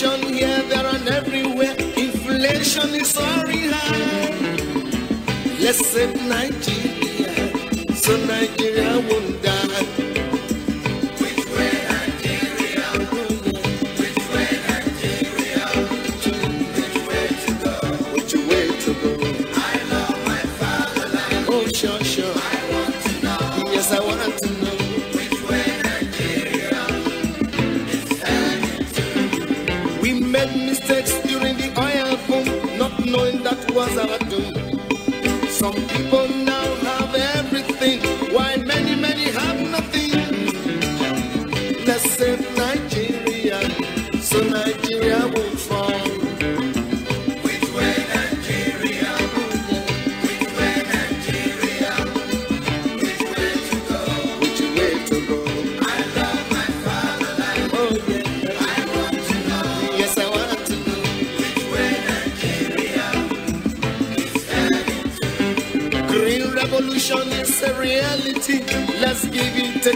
Inflation here, there, and everywhere. Inflation is very high. Let's save Nigeria so Nigeria won't Nazareth.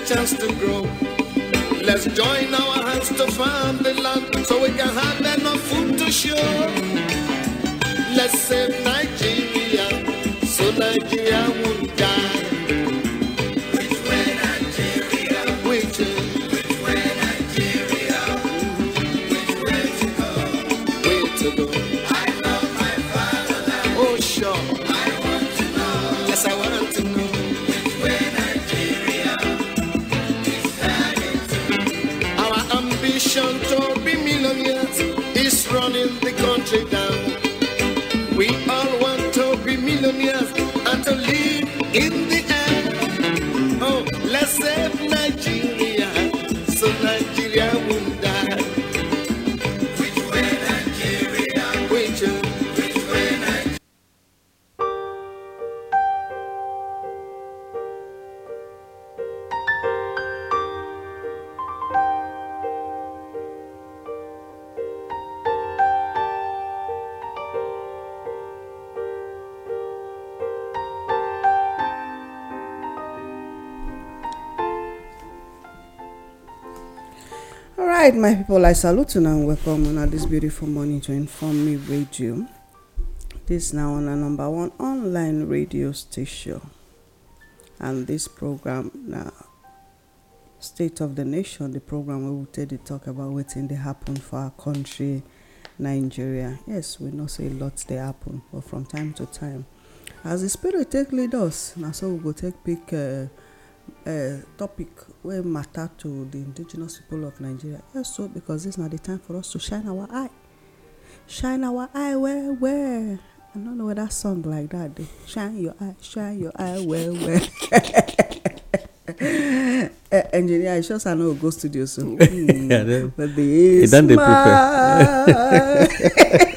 chance to grow. Let's join our hands to farm right my people i salute you and welcome on this beautiful morning to inform me radio this now on a number one online radio station and this program now, state of the nation the program wey we take dey talk about wetin dey happen for our country nigeria yes we know say lot they happen but from time to time as the spirit take lead us Now, so we go take pick uh, uh, topic wey matter to the indigenous people of nigeria Yes, so because this na the time for us to shine our eye shine our eye well well i no know whether song like that dey shine your eye shine your eye well well uh, engineer i sure say i no go go studio soon mm, yeah, hmm. then, but the smile.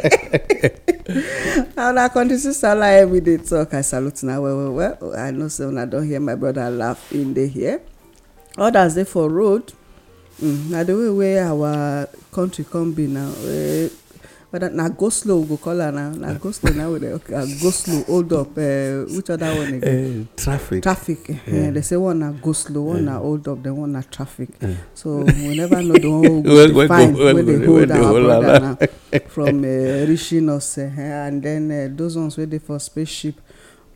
na una country sister lie we dey talk i salute una well well well i know say una don hear my brother laugh in dey here others dey for road mm, na the way wey our country come be now eh, whether na go slow we go call her now na go slow now we dey ah, go slow hold up eh, which other one again eh, traffic traffic eh, yeah they say one na go slow one na hold up then one na traffic so we never know the one we go find wey dey hold our brother now from reaching us and then those ones wey dey for spaceship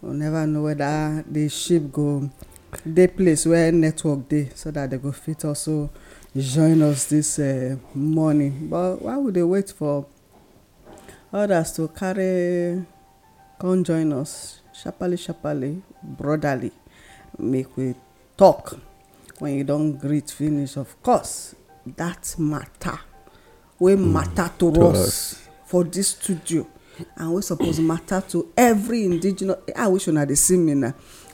we never know whether the ship go dey place where network dey so that they go fit also join us this morning but why we dey wait for others to carry come join us sharparly sharparly brotherly make we talk when you don greet finish of course that matter wey hmm. matter to us for this studio and wey suppose matter to every indigenous i wish una dey see me na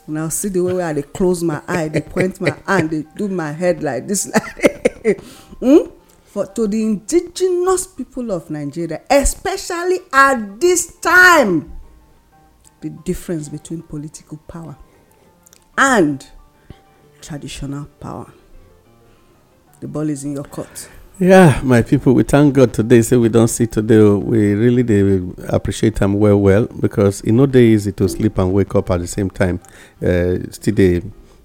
una see the way wey i dey close my eye dey point my hand dey do my head like this like hmm? for to the indigenous people of nigeria especially at this time the difference between political power and traditional power the ball is in your court yeah my people we thank god today say so we don't see today oh, we really they appreciate them well well because it's not day easy to sleep and wake up at the same time uh, still they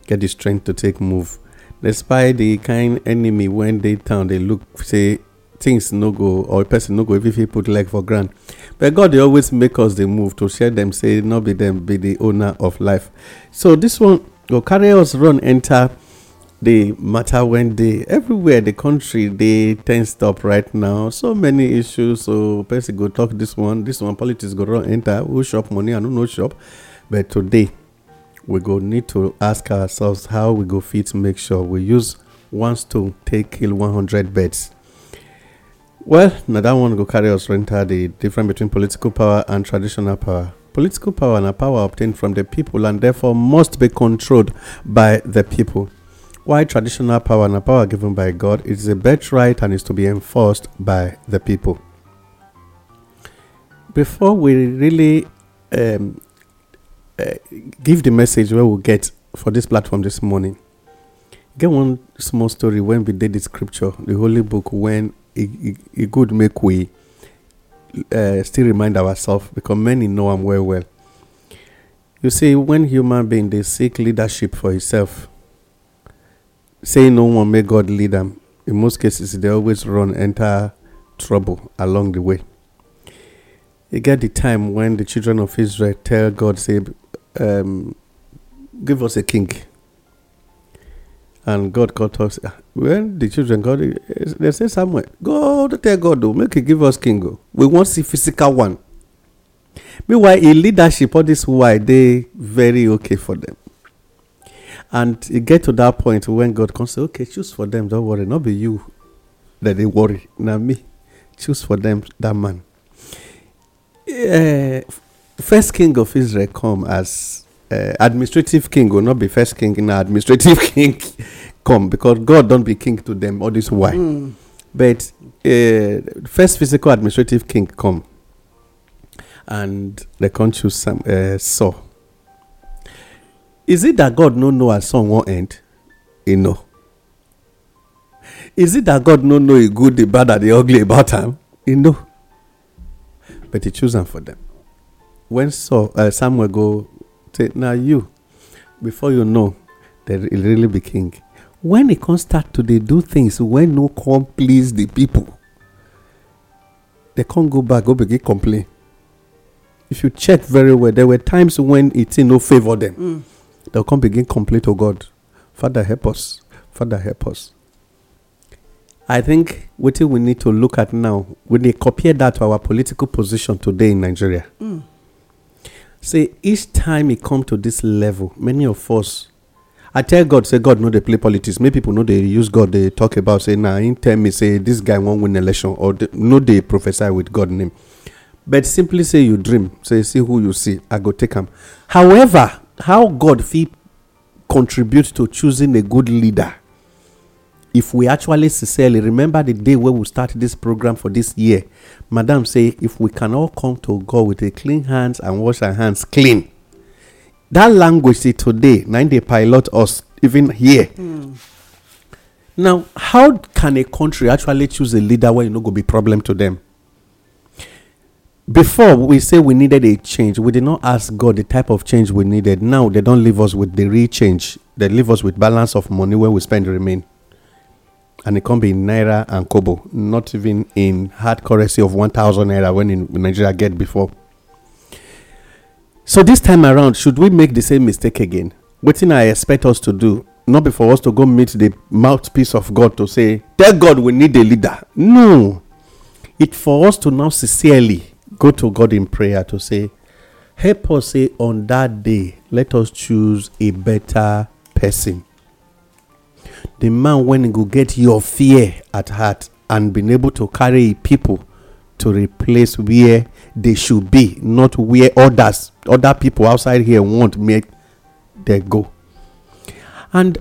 get the strength to take move despite the kind enemy when they turn, they look say things no go or person no go if he put leg for ground but god dey always make us the move to share them. say not be them be the owner of life so this one go carry us run enter the matter when they everywhere the country they tensed up right now so many issues so person go talk this one this one politics go run enter who shop money I who no shop, but today we go need to ask ourselves how we go fit make sure we use one stone take kill 100 birds well now that one go carry us enter the difference between political power and traditional power political power and power obtained from the people and therefore must be controlled by the people why traditional power and power given by god is a birthright and is to be enforced by the people before we really um, uh, give the message where we'll get for this platform this morning. Get one small story when we did the scripture, the holy book, when it, could make way, uh, still remind ourselves because many know I'm well well. You see, when human being they seek leadership for himself, say no one may God lead them. In most cases, they always run enter trouble along the way. You get the time when the children of Israel tell God, say, um, give us a king. And God called us. Ah, when the children got it, eh, they say somewhere, God, tell God, oh, make he give us king. oh, We want see physical one. Meanwhile, in leadership, all this why they very okay for them. And it e get to that point when God comes, say, okay, choose for them, don't worry, not be you that they worry, not me. Choose for them that man. Uh, first king of israel come as uh, administrative king will not be first king in administrative king come because god don't be king to them all this why? mm. but uh, first physical administrative king come and they come choose some uh, is it that god no know song won't end he know is it that god no know the good the bad and the ugly about him? he know but he choose them for them when Saul, uh, Samuel go, say, now you, before you know, that he really be king. When he can start to they do things when no come please the people, they can't go back, go begin complain. If you check very well, there were times when e it no favor them. Mm. They'll come begin complain to God. Father help us. Father help us. I think what we need to look at now, when they compare that to our political position today in Nigeria. Mm say each time e come to this level many of us i tell god say god no dey play politics make people, no dey use god dey talk about say na him tell me say this guy wan win election or no dey prophesy with god name but simply say you dream say see who you see i go take am however how god fit contribute to choosing a good leader if we actually sincerely remember the day where we started this program for this year, Madam say if we can all come to God with a clean hands and wash our hands clean. That language say today, nine they pilot us even here. Mm. Now, how can a country actually choose a leader where you know go be problem to them? Before we say we needed a change, we did not ask God the type of change we needed. Now they don't leave us with the real change; they leave us with balance of money where we spend remain and it can not be in naira and kobo, not even in hard currency of 1,000 naira when in Nigeria get before. So this time around, should we make the same mistake again? What thing I expect us to do, not before us to go meet the mouthpiece of God to say, tell God we need a leader. No. It for us to now sincerely go to God in prayer to say, help us say on that day, let us choose a better person. the man when he go get your fear at heart and being able to carry people to replace where they should be, not where others, other people outside here want make they go. And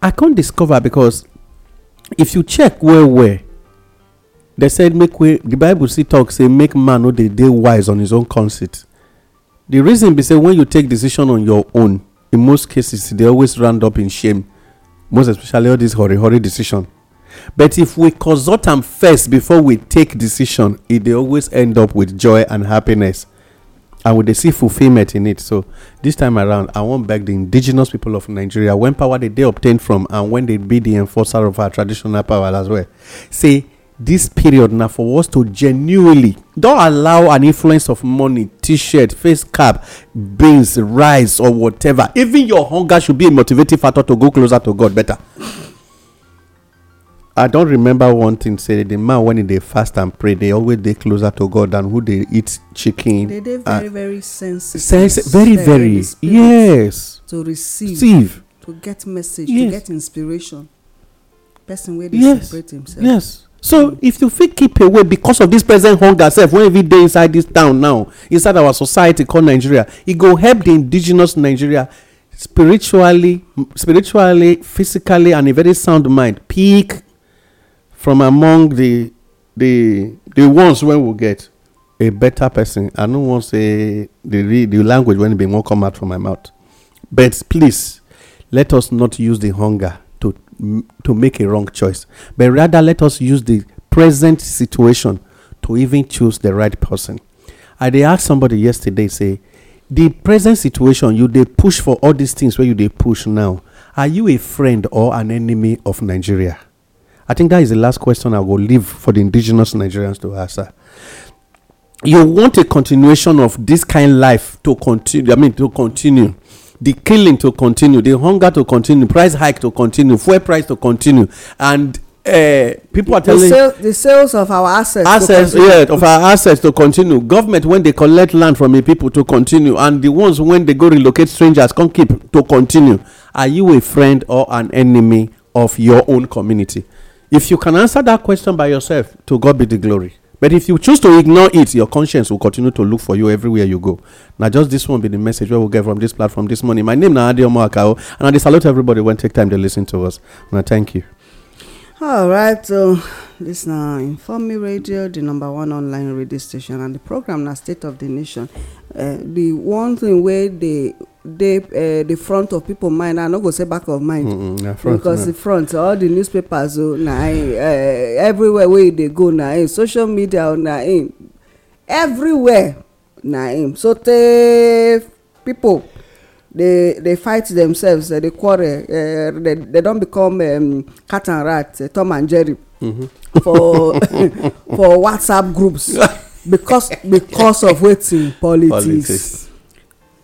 I can't discover because if you check where where they said make way the Bible see talk say make man no they day wise on his own conceit. The reason be say when you take decision on your own, in most cases they always round up in shame most especially all this hurry hurry decision but if we consult am first before we take decision e dey always end up with joy and happiness and we dey see fulfilment in it so this time around i wan beg the indigenous people of nigeria when power dey dey obtained from and when they be the enforcer of our traditional power as well say this period na for us to genuinely don allow an influence of money t-shirt face cap beans rice or whatever even your hunger should be a motivating factor to go closer to god better i don remember one thing say the man when he dey fast and pray dey always dey closer to god than who dey eat chicken they dey very very sensitive Sense very very yes to receive to get message to get inspiration person wey dey separate himself yes so if you fit keep away because of this present hunger sef wey even dey inside this town now inside our society called nigeria e go help the indigenous nigeria spiritually spiritually physically and a very sound mind peak from among the the the ones wey we get a better person i no wan say the the language wey bin wan come out from my mouth but please let us not use the hunger to to make a wrong choice but rather let us use the present situation to even choose the right person i did ask somebody yesterday say the present situation you they push for all these things where you they push now are you a friend or an enemy of nigeria i think that is the last question i will leave for the indigenous nigerians to answer you want a continuation of this kind of life to continue i mean to continue the killing to continue the hunger to continue price hike to continue fuel price to continue and uh, people are telling the, sale, the sales of our assets assets yeah of our assets to continue government when they collect land from the people to continue and the ones when they go relocate strangers come keep to continue are you a friend or an enemy of your own community if you can answer that question by yourself to god be the glory But if you choose to ignore it, your conscience will continue to look for you everywhere you go. Now, just this one be the message we will get from this platform this morning. My name is Nadia Omoakao, and I salute everybody when take time to listen to us. And I thank you. All right, so this now Inform Me Radio, the number one online radio station, and the program now State of the Nation. Uh, the one thing where they dey eh, the front of people mind i no go say back of mind because the front all the newspapers o oh, na im eh, everywhere wey e dey go na im social media oh, na im everywhere na im so tey pipo dey fight themselves dey eh, quarrel they don become cat and rat tom and jerry mm-hmm. for for whatsapp groups because because of wetin politics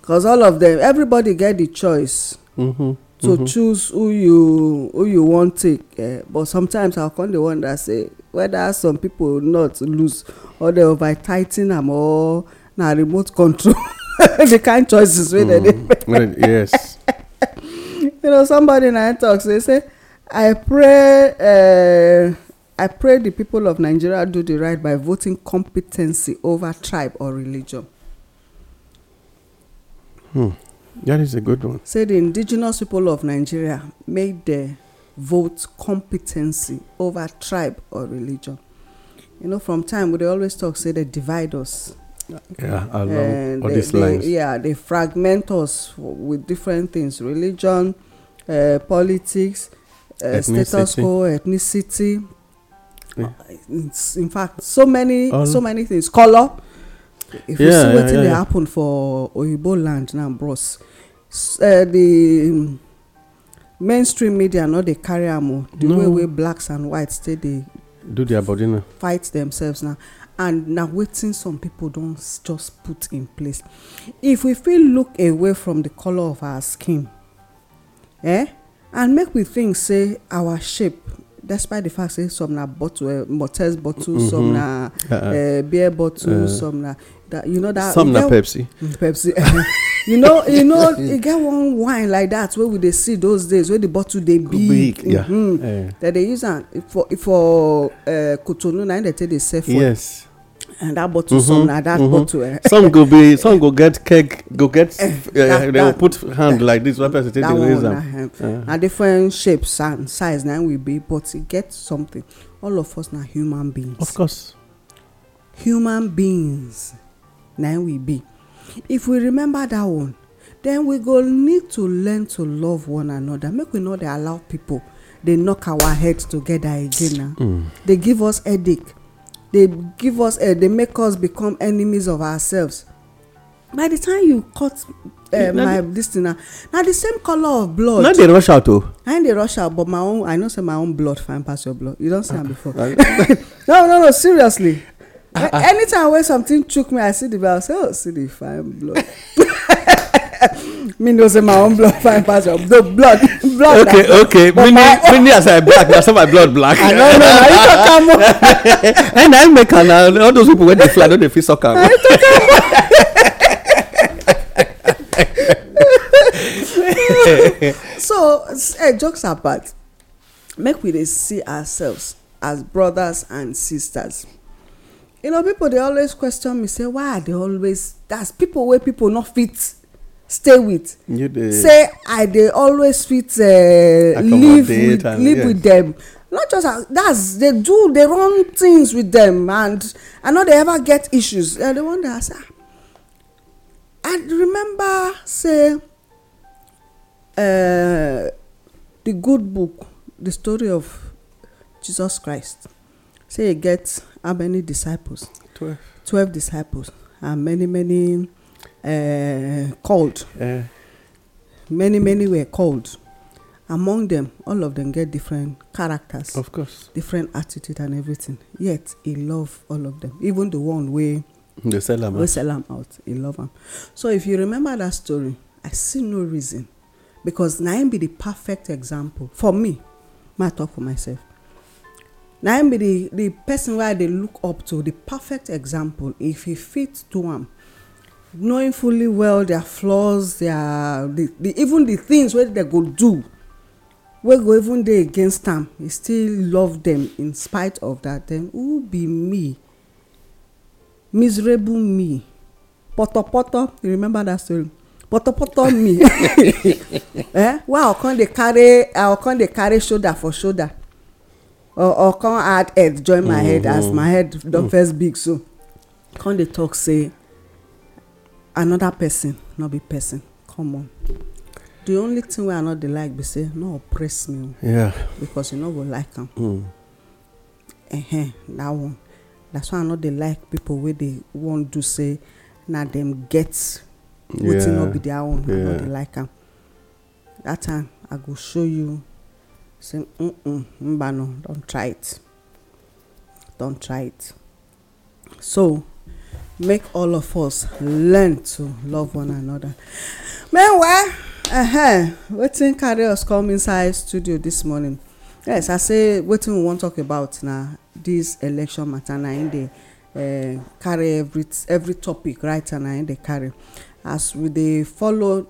because all of them everybody get the choice mm-hmm, to mm-hmm. choose who you who you wan take eh, but sometimes i come dey wonder say whether some people not lose or they over tigh am or na remote control the kind choices wey dem dey mm-hmm. make yes you know somebody na talk say say i pray eh, i pray the people of nigeria do the right by voting competency over tribe or religion Hmm. That is a good one. Say the indigenous people of Nigeria made their vote competency over tribe or religion. You know, from time we always talk say they divide us. Yeah, along uh, all they, these they, lines. Yeah, they fragment us with different things: religion, uh, politics, uh, status quo, ethnicity. Yeah. Uh, in fact, so many, all so many things. Color if you see wetin dey happen for oyibo land now bros eh, the mm, mainstream media no dey carry am o the way wey blacks and whites take dey do their body now fight themselves now and na wetin some people don just put in place if we fit look away from the color of our skin eh and make we think say our shape despite the fact say some na bottle uh, motel bottle mm -hmm. some na uh, beer bottle uh. some na that you know that some na pepsi mm, pepsi you know you know e get one wine like that wey we dey see those days wey the bottle dey big Yeah. dem mm-hmm. dey eh. use am for for kotonu eh, na im dey take dey sell for yes and that bottle some mm-hmm, na that mm-hmm. bottle eh. some go be some go get keg go get they go put hand like this one person take dey raise am na different shapes and size na we be but e get something all of us na human beings of course human beings now we be if we remember that one then we go need to learn to love one another make we no dey allow people dey knock our head together again na mm. dey give us headache dey give us uh, dey make us become enemies of ourselves by the time you cut uh, my this thing na na the same color of blood. na dey rush out o. na dey rush out but my own i know say my own blood fine pass your blood you don see ah, am before. no no no seriously Ah, ah. anytime when something chook me i see the blood i say oh see the fine blood me know say my own blood fine pass your though blood blood okay na okay me me as i black na so my blood black i no know na you talk am o and I make am na uh, all those people wey dey fly no dey fit suck am na you talk am so eh, jokes apart make we dey see ourselves as brothers and sisters you know people dey always question me say why i dey always that's people wey people no fit stay with say i dey always fit uh, live with live with them. not just that's they do the wrong things with them, and i no dey ever get issues i dey wonder as ah i remember say uh, the good book the story of jesus christ say he get how many disciples? Twelve disciples and many many uh, called eh. many many were called among them all of them get different characters of course different attitude and everything yet he love all of them even the one way. they sell them out sell them out he love them. so if you remember that story i see no reason because Naim be the perfect example for me Matter talk for myself na im be the the person wey i dey look up to the perfect example if he fit do am knowing fully well their flaws their the, the even the things wey they go do wey go even dey against am he still love them in spite of that then who be me miserable me potopoto you remember that story potopoto me eh wey i go dey carry i go come dey carry shoulder for shoulder or or come add earth join my head as mm-hmm. my head don mm. first big so come dey talk say another person no be person come on the only thing wey i no dey like be say no oppress me o because you no go like am -huh, hmm. that one that's why i no dey like people wey dey wan do say na dem get wetin no be their own i no dey like am that time i go show you say mm, mm mbano don try it don try it so make all of us learn to love one another meanwhile uh-huh, wetin carry us come inside studio this morning yes i say wetin we wan talk about na this election matter na im dey eh, carry every every topic right and na im dey carry as we dey follow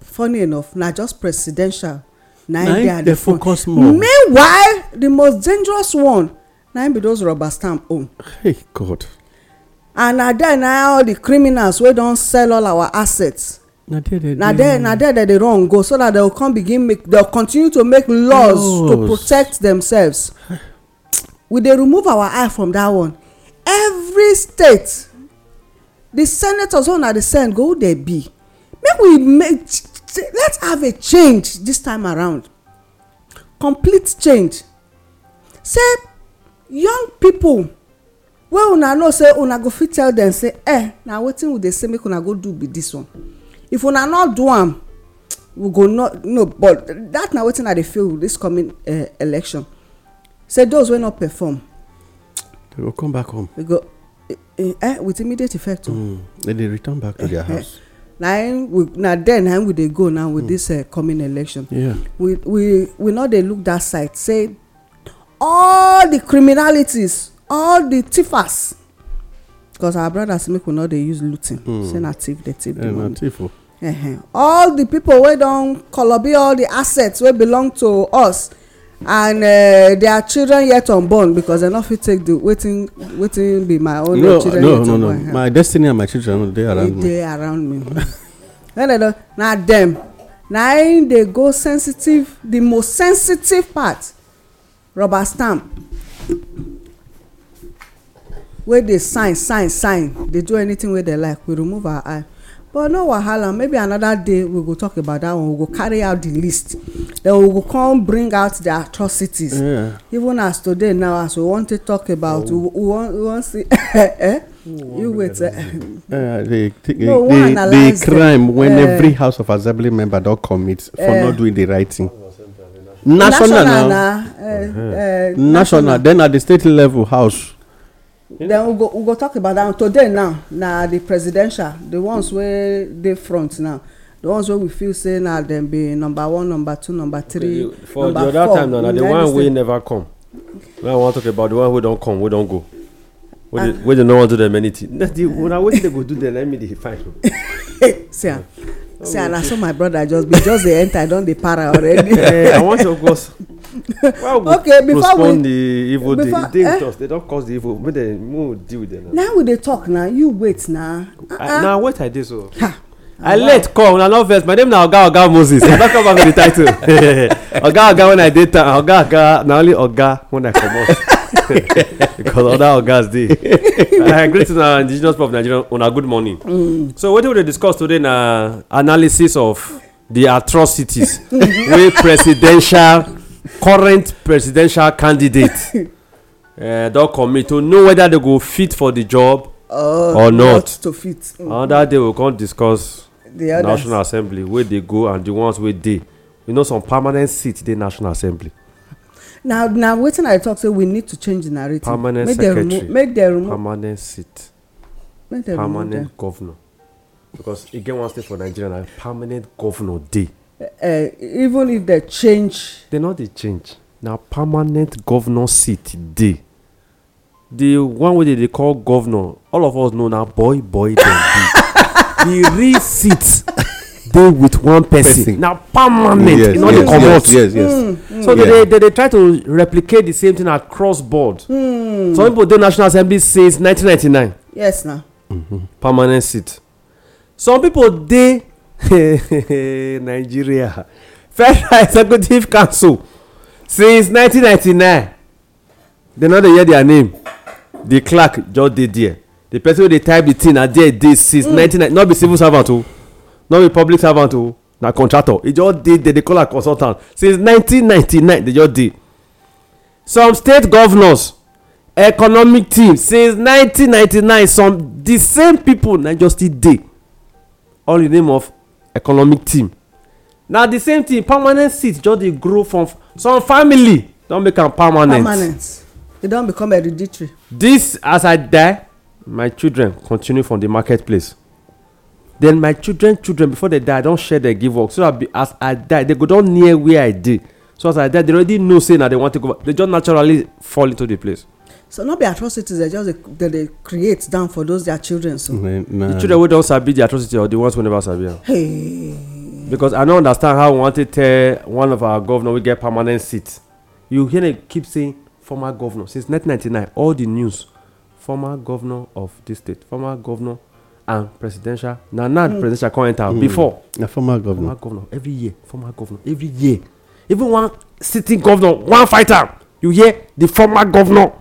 funny enough na just presidential na im dey at the focus more meanwhile the most dangerous one na im be those rubber stamp own hey god and na there na all the criminals wey don sell all our assets na there na there they dey run go so that dem come begin make dem continue to make laws to protect themselves we dey remove our eye from that one every state the senators wey una the send go who they be make we make let's have a change this time around complete change say young people wey una know say una go fit tell dem say eh na wetin we dey say make una go do be this one if una no do am we go not no but that na wetin i dey feel this coming uh, election say those wey no perform. they go come back home. we go eh, eh, eh with immediate effect. Mm, they dey return back to their eh, house na then na we dey go now with dis hmm. uh, coming election we we we no dey look that side say all the criminalities all the tiffers because our brothers make we no dey use looting hmm. say na thief dey eh, thief the money all the people wey don colobi all the assets wey belong to us and uh, their children yet unborn because dem no fit take the wetin wetin be my own children yet unborn no no no my destiny and my children dey around me dey around me na dem na im dey go sensitive the most sensitive part rubber stamp wey dey sign sign sign dey do anything wey dem like we remove our eye but no wahala maybe another day we go talk about that one we go carry out the list then we go come bring out the atrocities yeah. even as today now as we wan take talk about oh. we wan we wan see eh you wait uh, uh, the, the, no, the, the crime when uh, every house of assembly member don commit for uh, not doing the right thing national na uh, uh, national. national then at the state level house then we go we go talk about am today now na the presidential the ones wey dey front now the ones wey we feel say na dem be number one number two number three number four for the other time na the one wey never come now i wan talk about the one wey don come wey don go wey dey ah. no wan do dem anything na wetin dey go do dem let me dey find oh. see am ah, see am ah, oh, na so my brother just be just dey enter i don dey para already. Eh, i wan show cause well, we okay before we the evil before, day dey eh? with us they don cause the evil make dem make deal with them. now we dey talk na you wait na. Uh na wait i dey so. I wow. late come una no vex my name na oga oga moses i don come back with the title oga oga when i dey town oga oga na only oga when i comot because other ogas dey i greet una indigenous people of nigeria una good morning mm. so wetin we dey discuss today na analysis of the atrocities wey presidential current presidential candidate eh, don commit to know whether they go fit for the job oh, or not to fit mm. another day we come discuss the national assembly wey dey go and the ones wey dey you know some permanent seat dey national assembly now now wetin i talk say we need to change the narrative permanent make secretary make dem remove permanent seat permanent governor because e get one state for nigeria na permanent governor dey Eh, even if they change they no dey change na permanent governor seat dey the one wey dem dey call governor, all of us know na boy boy dem be the real seat dey with one person na permanent yes, no dey comot yes, yes, yes. Hmm, hmm. so yeah. they dey try to replicate the same thing across board mm. some people dey national assembly since 1999 yes na mm -hmm. permanent seat some people dey Nigeria Federal Executive Council since 1999 dem no dey hear their name the clerk just dey there the person wey dey type the thing na there e dey since mm. 1990 no be civil servant o no be public servant o na contractor e just dey there dey call am consultant since 1999 dey just dey some state governors economic team since 1999 some the same people na just still dey all in the name of economic team na the same thing permanent seat just dey grow from some family don make am permanent permanent e don become hereditary this as i die my children continue from the marketplace then my children children before they die i don share their give work so that as i die they go don near where i dey so as i die they already know say na they wan take over they just naturally fall into the place so no be atrocities dem just dey dey create down for those their children so. the children wey don sabi the atrocity or the ones wey never sabi am. Hey. because i no understand how we wan take tell one of our governor wey get permanent seat you hear dem keep saying former governor since 1999 all the news former governor of this state former governor and presidential na now mm. presidential come enter mm. before na former governor former governor every year former governor every year even one sitting governor one fighter. you hear the former governor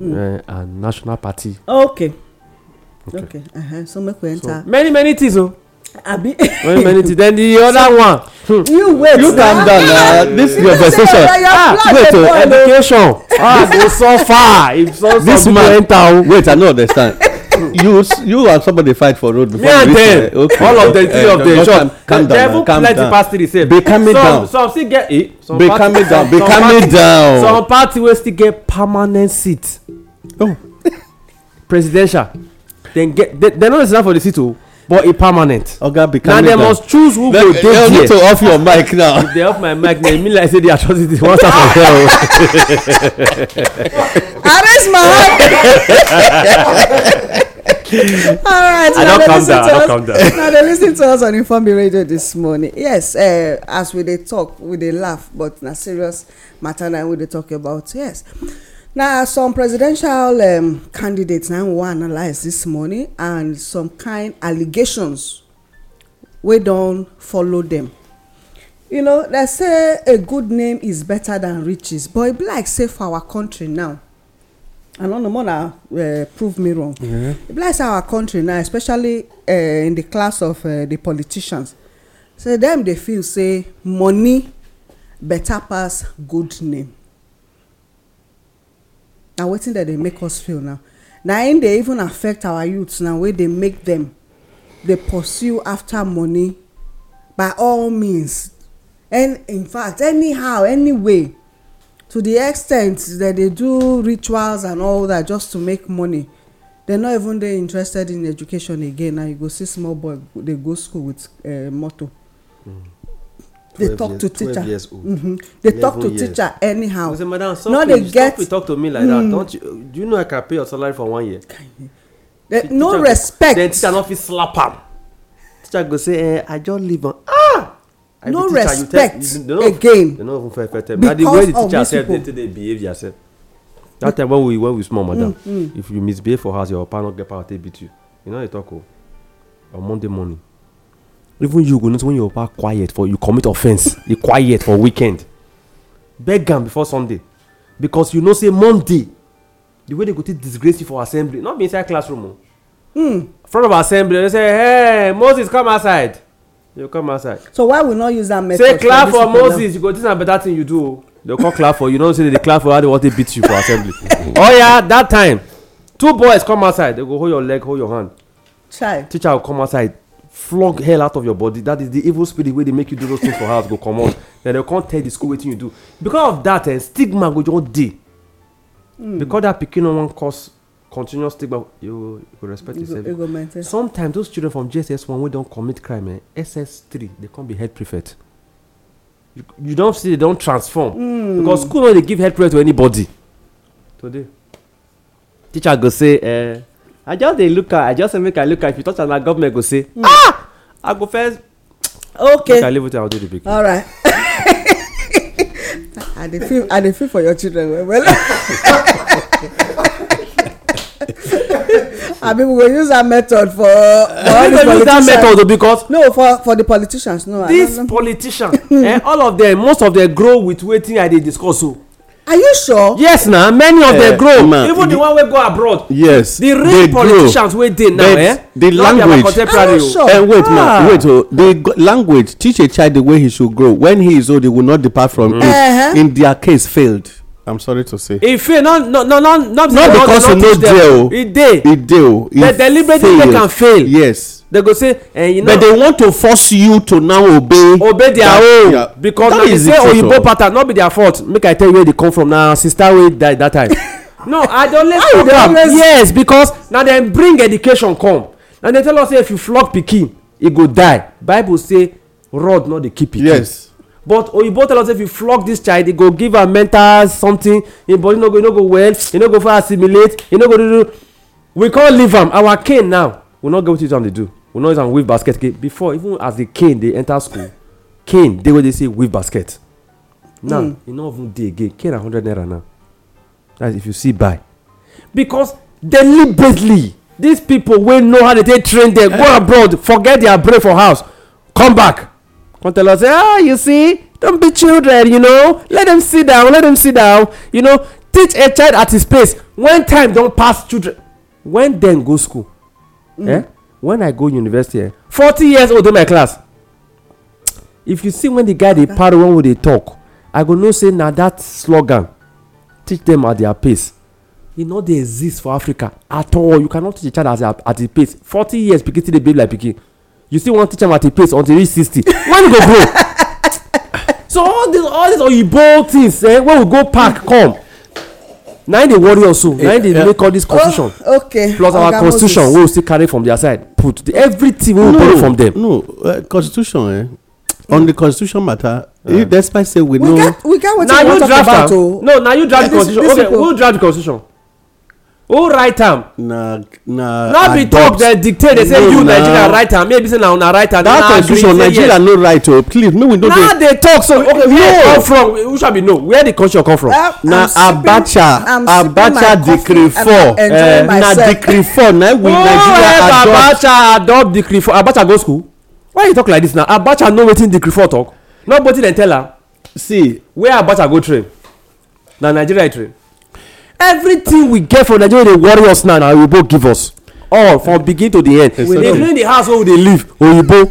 mm. uh, eh, and national party. okay okay, okay. Uh-huh. so make we enter. So, many many things o. Oh. abi. many many things then the other one. Hmm. you wait hmm. you calm down na this your conversation ah wait o oh, oh. education ah go so far if so so this enter o. Oh. wait i no understand you you and somebody fight for road before yeah, you reach there. Okay. All of eh, eh, them, three uh, of them. Calm, down. calm down. Devil calm down. past three Be calm down. Some still get eh. Some Be calm down. Be calm down. Some party wey still get permanent seat. Oh. Presidential. Dem get dem no resign for the seat o. Oh, but e permanent oga be calm down na dem must choose who go dey there you need to off your mic now if they off my mic na e mean like say the atrocity wan start from there o my All right, I now they listen down, to us. Come down. Now they listen to us on Informe Radio this morning. Yes, uh, as we they talk, we they laugh, but na serious matter Now we they talk about. Yes. Now some presidential um, candidates now we analyze this morning and some kind allegations we don't follow them. You know, they say a good name is better than riches, but it e be like say for our country now and no the mona uh, eh, prove me wrong yeah. bless our country now especially uh, in the class of uh, the politicians so them they feel say money better pass good name na wetin dem dey make us feel now na im dey even affect our youths now wey dey make dem dey pursue after money by all means and in fact anyhow anyway to the extent that they do rituals and all that just to make money dem no even dey interested in education again and you go see small boy dey go school with eh, motor mm. mm-hmm. They talk to teacher They talk to teacher anyhow no dey get stop you talk to me like that mm. don't you do you know i can pay your salary for one year no respect then teacher no fit slap am teacher go say eh i just leave am ah Every no teacher, respect you tell, you, they again. They don't even fair fair tell. Because the way the teacher said they today behave yourself. That time when we when we small madam, mm, mm. if you misbehave for house, your papa not get power to beat you. You know they talk oh, on Monday morning. Even you go notice when your papa quiet for you commit offence, you quiet for weekend. Beg am before Sunday, because you know say Monday, the way they go take disgrace you for assembly, not be inside classroom o. Oh. Mm. Front of assembly, they say, hey Moses come outside you come outside so why we not use that method say clap for moses you go think na better thing you do o dem come clap for you know say they clap for how dem wan take beat you for assembly oya oh, that time two boys come outside They go hold your leg hold your hand child teacher go come outside flog hell out of your body that is the evil spirit wey dey make you do those things for house go comot then dem come tell the school wetin you do because of that eh, stigma go just dey hmm. because that pikin no wan cause continuous stigma you go respect yourself go maintain sometimes those children from jss one we don't commit crime eh ss three they can't be head prefect you you don see they don't transform hmm. because school no give head prefect to anybody today teacher go say eh i just they look at i just make i look at if you touch am government go say hmm. ah i go first okay make i leave it i go do the baking alright i dey feel for your children well well I mean, we go use that method for for all the politicians use that method because. no for for the politicians no. these politicians eh, all of them most of them grow with waiting. i dey discuss o. Oh. So. are you sure. yes na many of uh, them eh, grow man, even the, the one wey go abroad. yes the real politicians wey dey now eh. the language are oh. eh, you sure. And eh, wait ah. ma wait oh, the language teach a child the way he should grow when he is old he will not depart from mm. it uh -huh. in their case failed i'm sorry to say. ìfẹ́ no no no no no be not because you no there o e dey e dey o fail they deliberately make am fail yes they go say eh, you know but they want to force you to now obey obey their that, own yeah. because na the say oyibo oh, oh. pattern no be their fault make i tell you where they come from now, sister wey die that time no i don't always talk am yes because na dem bring education come na dem tell us say if you flog pikin e go die bible say rod no dey keep pikin yes but oyibo tell us if you flog this child e go give am mental something im body no go no go well e no go far assimilate e no go do do we con leave am our cane now we no get wetin am to do we no use am weave basket before even as the cane dey enter school cane dey wey dey say weave basket now hmm. e no even dey again cane na hundred naira now that's if you see buy because deliberately these people wey know how to take train them go eh. abroad forget their brain for house come back One tell us, ah, you see, don't be children, you know. Let them sit down, let them sit down. You know, teach a child at his pace. When time don pass children. When dem go school. Mm. Eh? When I go university, eh? 40 years old in my class. If you see when the guy dey paddle when we dey talk, I go know say na that slogan teach them at their pace. E no dey exist for Africa at all. You cannot teach a child at, at his pace. Forty years pikin still dey behave like pikin you still wan teach am at a pace until reach sixty when e go grow so all this all this oyibo things eh, wey we go park come na im dey worry us so na im dey make all this confusion oh, okay. plus our constitution wey we still carry from their side put the, everything wey we no, borrow from them. no uh, constitution eh on the constitution matter uh, despite say we, we know. Get, we get wetin we wan talk about o. Oh. no na you draft the constitution okay who draft the constitution who write am na na not be talk dem dictate dey say you nigeria write am maybe say na una write am that constitution nigeria no write o oh, please make we no dey now dey talk so okay where e come from who shall be know where the culture come from eh, na abacha abacha decree four eh, na decree four na we oh, nigeria eh, adopt abacha adopt decree four abacha go school why you talk like this now abacha know wetin decree four talk nobody dem tell am see where abacha go train na nigeria train everything we get for nigeria dey worry us now na oyibo give us all from begin to the end including the house wey we dey live oyibo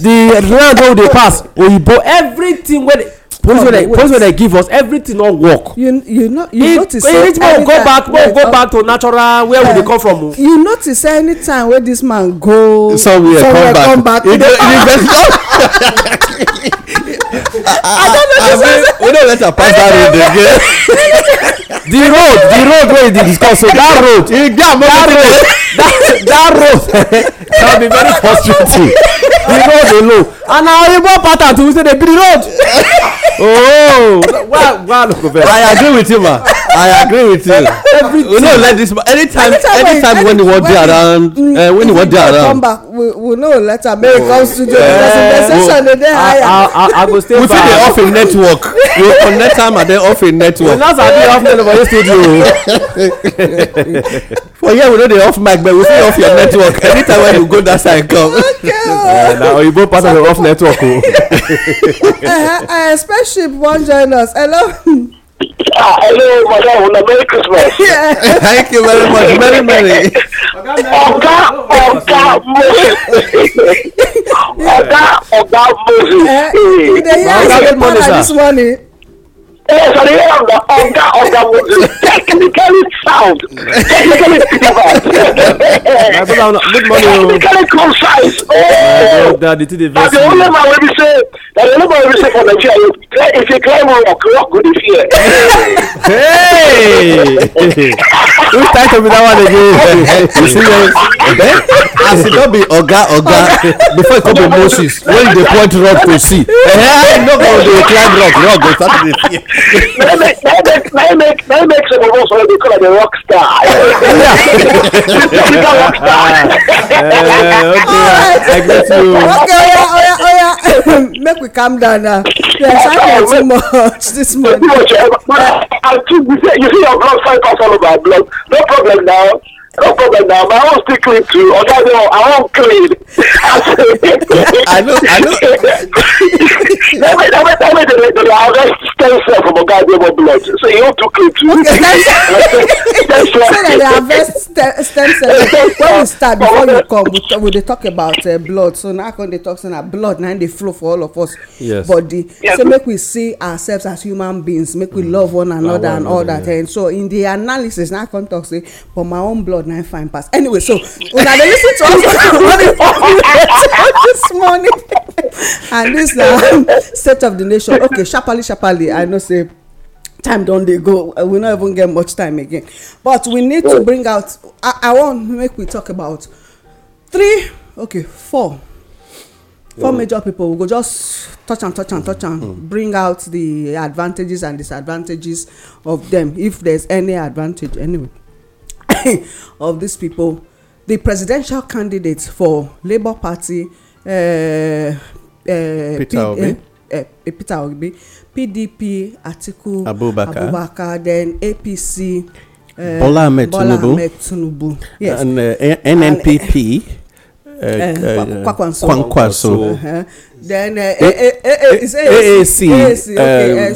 the land wey we dey pass oyibo everything wey dey police wey dey give us everything no work you you you notice say anytime we go back we go uh, back to natural where we dey come from oh. you notice say anytime wey this man go somewhere come back he dey I don't know ah, this one. We don't let her pass that road again. the road, the road where you discuss so that road, that road, that that road can be very frustrating. The road alone, and now you want pattern to say dey be the road. Oh, wa wa I agree with you ma. I agree with you. Every we no let this anytime anytime, anytime when the world dey around uh, when the world dey around. Come back we we no let am make e come studio because session dey dey I I I go stay We see the off im network. We connect am and then off im network. We no sabi off network for studio For yeah, we know the off mic but we see off your network anytime when you go that side come. Oh. Eh, na oyibo part of the off network oh. uh-huh, uh, Especially one join us. Hello. Ah, hello, madam. a Merry Christmas. Yeah. Thank you very much. Merry Merry. Oga, Oga Moses. Ọ̀gá ọ̀gá Moses. Ọ̀gá Moses. Ọ̀gá Moses. Yes, on the air of the Oga Oga technically sound. Technically Good money. Technically concise. Oh, that the the only man will be say. That the only man will be say for Nigeria. If you climb a rock, rock good if you. Hey. Who to be that one again? You see that? Eh? As it don't be Oga Oga before it come to Moses when the point rock to see. Eh, no how they climb rock rock go start to dey that, make, that, make, that, make, that makes it with us what we call it a rock star. Typical rock star. Uh, okay, I get you. Okay, Make we calm down now. Yes, I know too much this morning. you see your blog cycles all over my blog. No problem now no problem now my own still clean too oga no i wan clean i know i know na me na me na me dey dey dey arrest ten cell from oga adebo blood so e no too clean too okay ten cell so na dey harvest stem cell when we start before you come we talk we dey talk about uh, blood so now come dey talk say na blood na dey flow for all of us yes. body yes. so make we see ourselves as human beings make we mm. love one another and all that and eh. so in the analysis now come talk say "For my own blood nine fine pass anyway so una dey lis ten to us this morning and this na um, state of the nation okay sharparly sharparly i know say time don dey go uh, we no even get much time again but we need to bring out i i wan make we talk about three okay four four major people we go just touch am touch am touch am mm-hmm. bring out the advantages and disadvantages of them if there's any advantage anyway of these people, the presidential candidate for labour party uh, uh, uh, peter obi peter obi pdp atiku abubakar then apc bola ahmed tinubu yes and nnpp Eh, eh, eh, kwankwaso uh-huh. then aac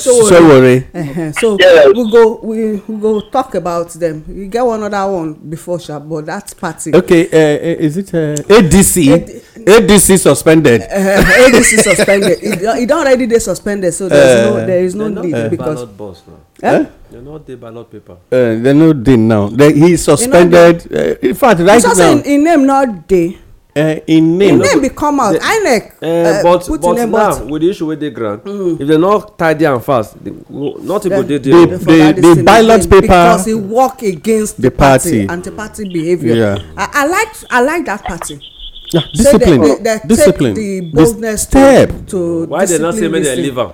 sowore um, uh-huh. so we go we go talk about them we get one other one before sha but that party. okay uh, is it uh, adc adc suspended. Uh, uh-huh. adc suspended e don already dey suspended so there is uh, no there is no need because. Eh? They no dey ballot paper. Uh, they no dey now. They, he suspended. Uh, in fact, right now. He just say him name no dey. Uh, eh, im name im name be come out inec eh, eh, but but now with the issue wey dey ground if dem no tidy am fast nothing go dey there the the ballot paper because e work against the party anti-party behaviour i like i like that party discipline discipline the boldness step to discipline why dem not say make dem leave am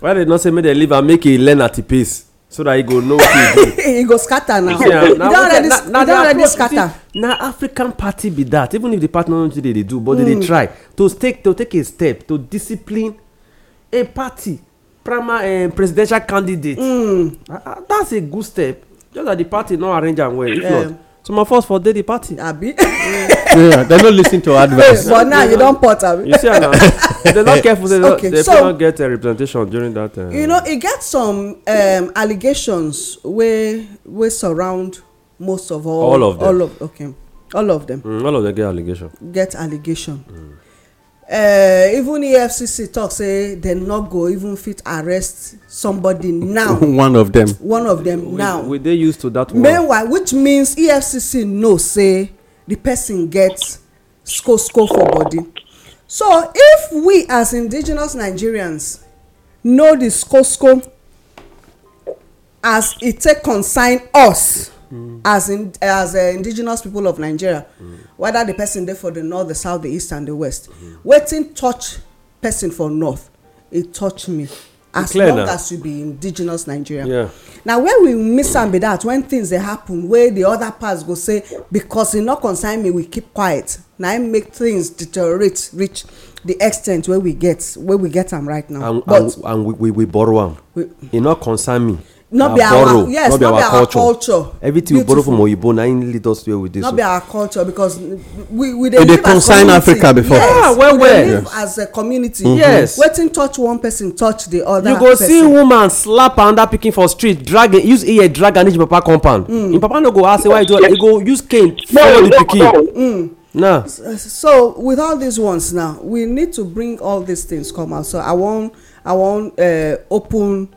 why dem not say make dem leave am make e learn at e pace so that he go know what He do e go scatter now He don already scatter na african party be that even if the party no know wetin dey dey do but they dey mm. try to take to take a step to discipline a party primary eh, presidential candidate mm. ah, ah, that's a good step just that the party no arrange am well if not some of us for dey the party abi yeah dem no lis ten to advice but now you don pot abi you see am now dem not careful say dem fit not get representation during that time uh, you know e get some um, allegations wey wey surround most of all all of them all of okay all of them mm, all of them get allegation get allegation mm. Eh, even efcc talk say dem no go even fit arrest somebody now one of dem one of dem now we dey used to that one meanwhile which means efcc know say the person get skosko for body so if we as indigenous nigerians know the skosko as e take consign us mm. as in as uh, indigenous people of nigeria mm. whether the person dey for the north the south the east and the west mm. Mm-hmm. wetin touch person for north e touch me as Clear long now. as you be indigenous nigeria yeah. na where we miss am be that when things dey happen wey the other parts go say because e no concern me we keep quiet na im e make things deteriorate reach the ex ten t wey we get wey we get am right now. and but and, and we we, we borrow am e no concern me no be our yes no be our culture, culture. everything we borrow from oyibo na im lead us where we dey so no be our culture because we we dey live as community africa before yes yeah, well, we dey live yes. as a community mm -hmm. yes wetin touch one person touch the other person you go person. see woman slap another pikin for street drag use ear drag am reach papa compound mm. papa no go ask say why you do that he go use cane follow the pikin. Mm. mm. so with all these ones now we need to bring all these things come out so i wan i wan uh, open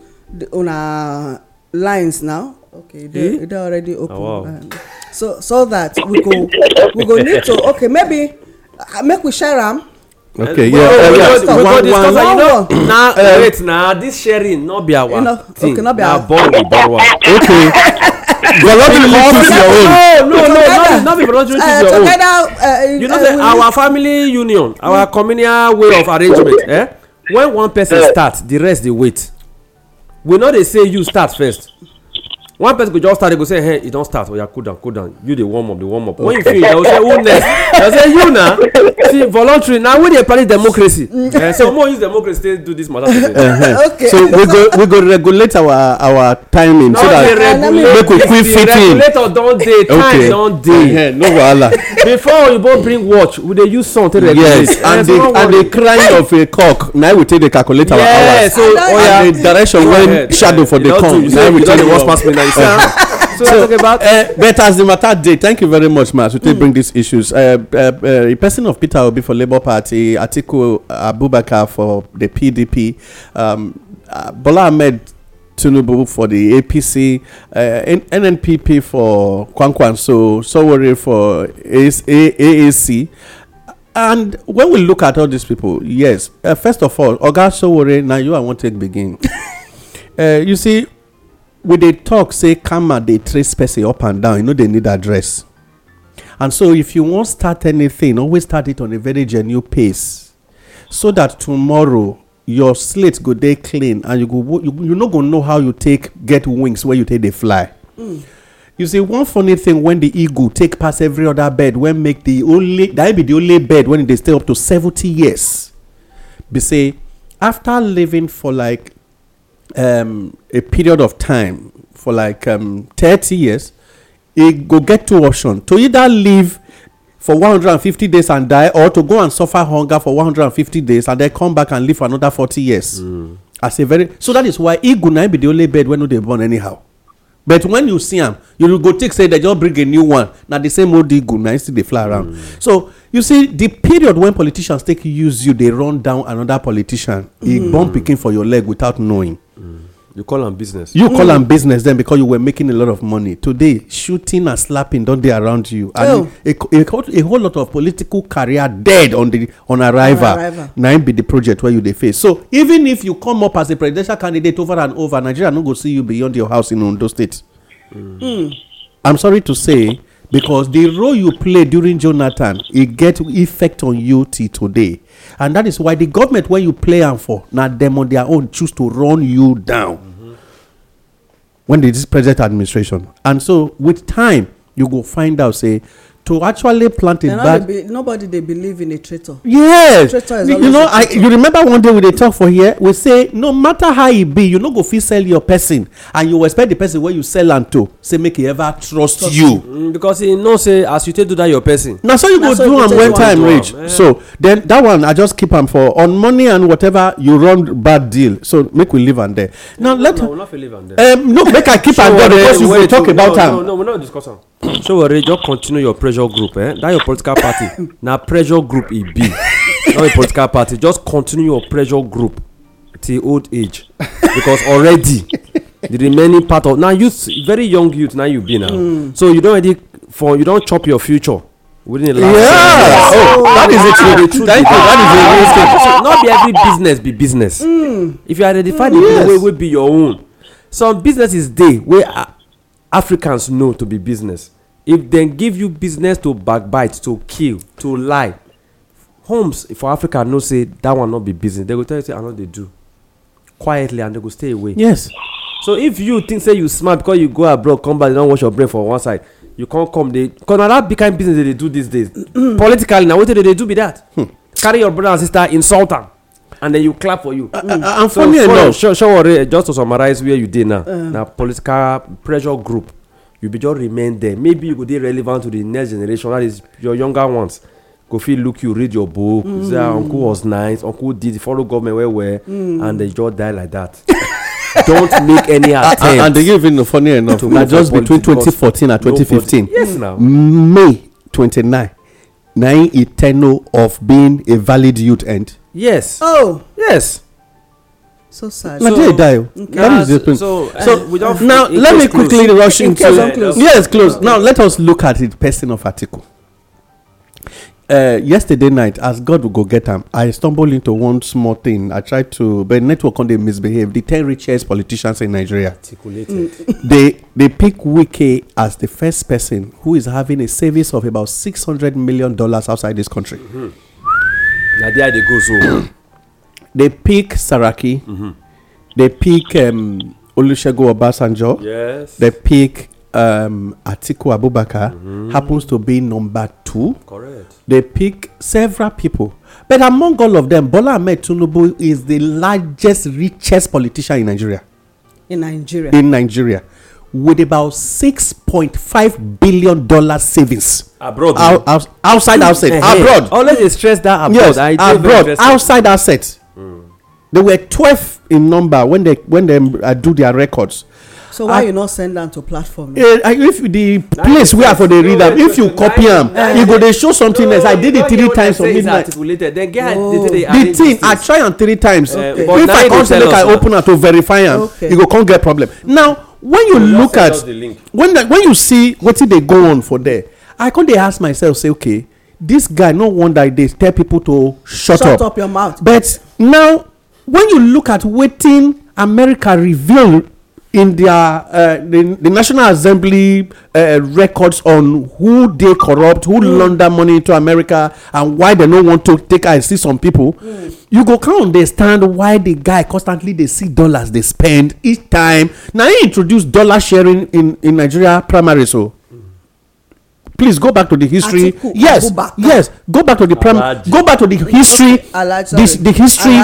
una lines now okay e dey hmm? already open oh, um, so so that we go we go need to okay maybe uh, make we share am okay yeah yeah. we go discuss am you know na wait na this sharing no be our thing na born we borrow am okay you voluntarily choose your own no no no not be voluntarily choose uh, your own uh, you know say our family union our hmm? communal way of arrangement eh when one person start the rest dey wait we no dey say you start first one person go just start dey go say hey e don start oya oh, cool down cool down you dey warm up dey warm up when you finish dem go say who next dem say you na see voluntary na we dey practice democracy uh, so mo use democracy take do this matter today. Uh-huh. okay. so we go we go regulate our our timing no, so that make we quick fit in. the regulator don dey time okay. don dey. Uh-huh. no wahala. before oyibo bring watch we dey use sun take regulate. yes and the and the crying of a cock na we take dey calculate our hours. yes so oya and oh, the direction when shadow for dey come na we take dey watch pass me so, so about. Uh, but as the matter did, thank you very much, Matt. You mm. bring these issues. Uh, uh, uh, a person of Peter Obi for Labour Party, Atiku Abubakar for the PDP, um, uh, Bola Ahmed Tinubu for the APC, uh, N- NNPP for So Sowore for AAC. AAC. And when we look at all these people, yes, uh, first of all, Oga Sowore, now you I want to begin. uh, you see, we dey talk say karma dey trace person up and down You e no dey need address and so if you wan start anything always start it on a very genuine pace so that tomorrow your slate go dey clean and you go you no go know how you take get wings wey you take dey fly mm. you see one funny thing when the eagle take pass every other bird wey make the only that be the only bird when e dey stay up to 70 years be say after living for like um, a period of time for like um, 30 years, he go get two options to either live for 150 days and die or to go and suffer hunger for 150 days and then come back and live for another 40 years. Mm. As a very so that is why Igunai be the only bird when they born anyhow. But when you see him, you go take say they just bring a new one. Now the same old Igunai. still they fly around. Mm. So you see the period when politicians take use you, they run down another politician. Mm. He picking for your leg without knowing. Mm. you call am business you call mm. am business then because you were making a lot of money today shooting and slapping don dey around you and oh. a a whole lot of political career dead on the on arrival na im be the project wey you dey face so even if you come up as a presidential candidate over and over nigeria no go see you beyond your house in ondo state mm. i'm sorry to say because the role you play during jonathan e get effect on you till today and that is why the government wey you play am for na dem on their own choose to run you down mm-hmm. when they this present administration and so with time you go find out say to actually plant it. bad be, nobody dey believe in a traitor yes a traitor you know i you remember one day we dey talk for here we say no matter how e be you no go fit sell your person and you respect the person wey you sell am to say make he ever trust, trust you mm, because he know say as you take do that your person na so you go do am when time reach so then that one i just keep am for on money and whatever you run bad deal so make we leave am there now let no um, no make i keep am there because you go talk about am no no we no discuss am so we just continue your pressure group eh that your political party na pressure group e be not a political party just continue your pressure group till old age because already the remaining part of now youth very young youth now you be now hmm. so you don already for you don chop your future within the last Yeah. years. Oh, that is a true, the truth. Thank you. That is a real statement. So not be every business be business. Mm. If you identify mm, the yes. way wey be your own, some businesses dey wey africans know to be business if dem give you business to backbite to kill to lie homes for africa know say that one no be business dem go tell you say i no dey do quietly and dem go stay away yes so if you think say you smart because you go abroad come back you don wash your brain for one side you come come dey because na that big kind business dem dey do these days politically na wetin dem dey do be that hmm. carry your brother and sister insult am and then you clap for you. Uh, uh, uh so funny enough sure sure worry just to summarize where you dey now uh. na political pressure group you be just remain there maybe you go dey relevant to the next generation that is your younger ones go fit look you read your book mm. say ah uncle was nice uncle did follow government well well mm. and they just die like that. don't make any attempt. and, and they even funny enough na just between 2014 and 2015 yes, may 29 na e ten of being a valid youth end yes oh yes so sad. Nigeria so, die. Okay. That is the so, so, uh, now let me quickly close. rush into close. yes, close. Now let us look at the person of article. Uh, yesterday night, as God will go get him, I stumbled into one small thing. I tried to, but network on they misbehave. The ten richest politicians in Nigeria. Articulated. Mm. they they pick Wike as the first person who is having a savings of about six hundred million dollars outside this country. Mm-hmm na there they go so they pick saraki mm -hmm. they pick um, olusegun obasanjo yes. they pick um, atiku abubakar mm -hmm. happens to be number two correct they pick several people but among all of them bola ahmed tinubu is the largest richest politician in nigeria in nigeria in nigeria with about six point five billion dollar savings. abroad out, eh? out, outside asset uh-huh. abroad. always dey stress that abroad yes I abroad outside asset. Mm. they were twelve in number when they when they uh, do their records. so why you not send am to platform. Uh, if the place wey i for dey read am if you copy am e go dey show something else i did it oh. three times for midnight the thing i try am three times if i come say make i open am to verify am e go come get problem now when you look at when the, when you see wetin they go on for there i come dey ask myself say okay this guy no wonder dey tell people to shut, shut up shut up your mouth but now when you look at wetin america reveal in their uh, the, the national assembly uh, records on who they corrupt who mm. launder money to america and why they no want to take eye see some people mm. you go come understand why the guy constantly dey see dollars dey spend each time na he introduce dollar sharing in in nigeria primary so please go back to the history Atiku yes Abubakar. yes go back to the prime go back to the history Alhaji, this, the history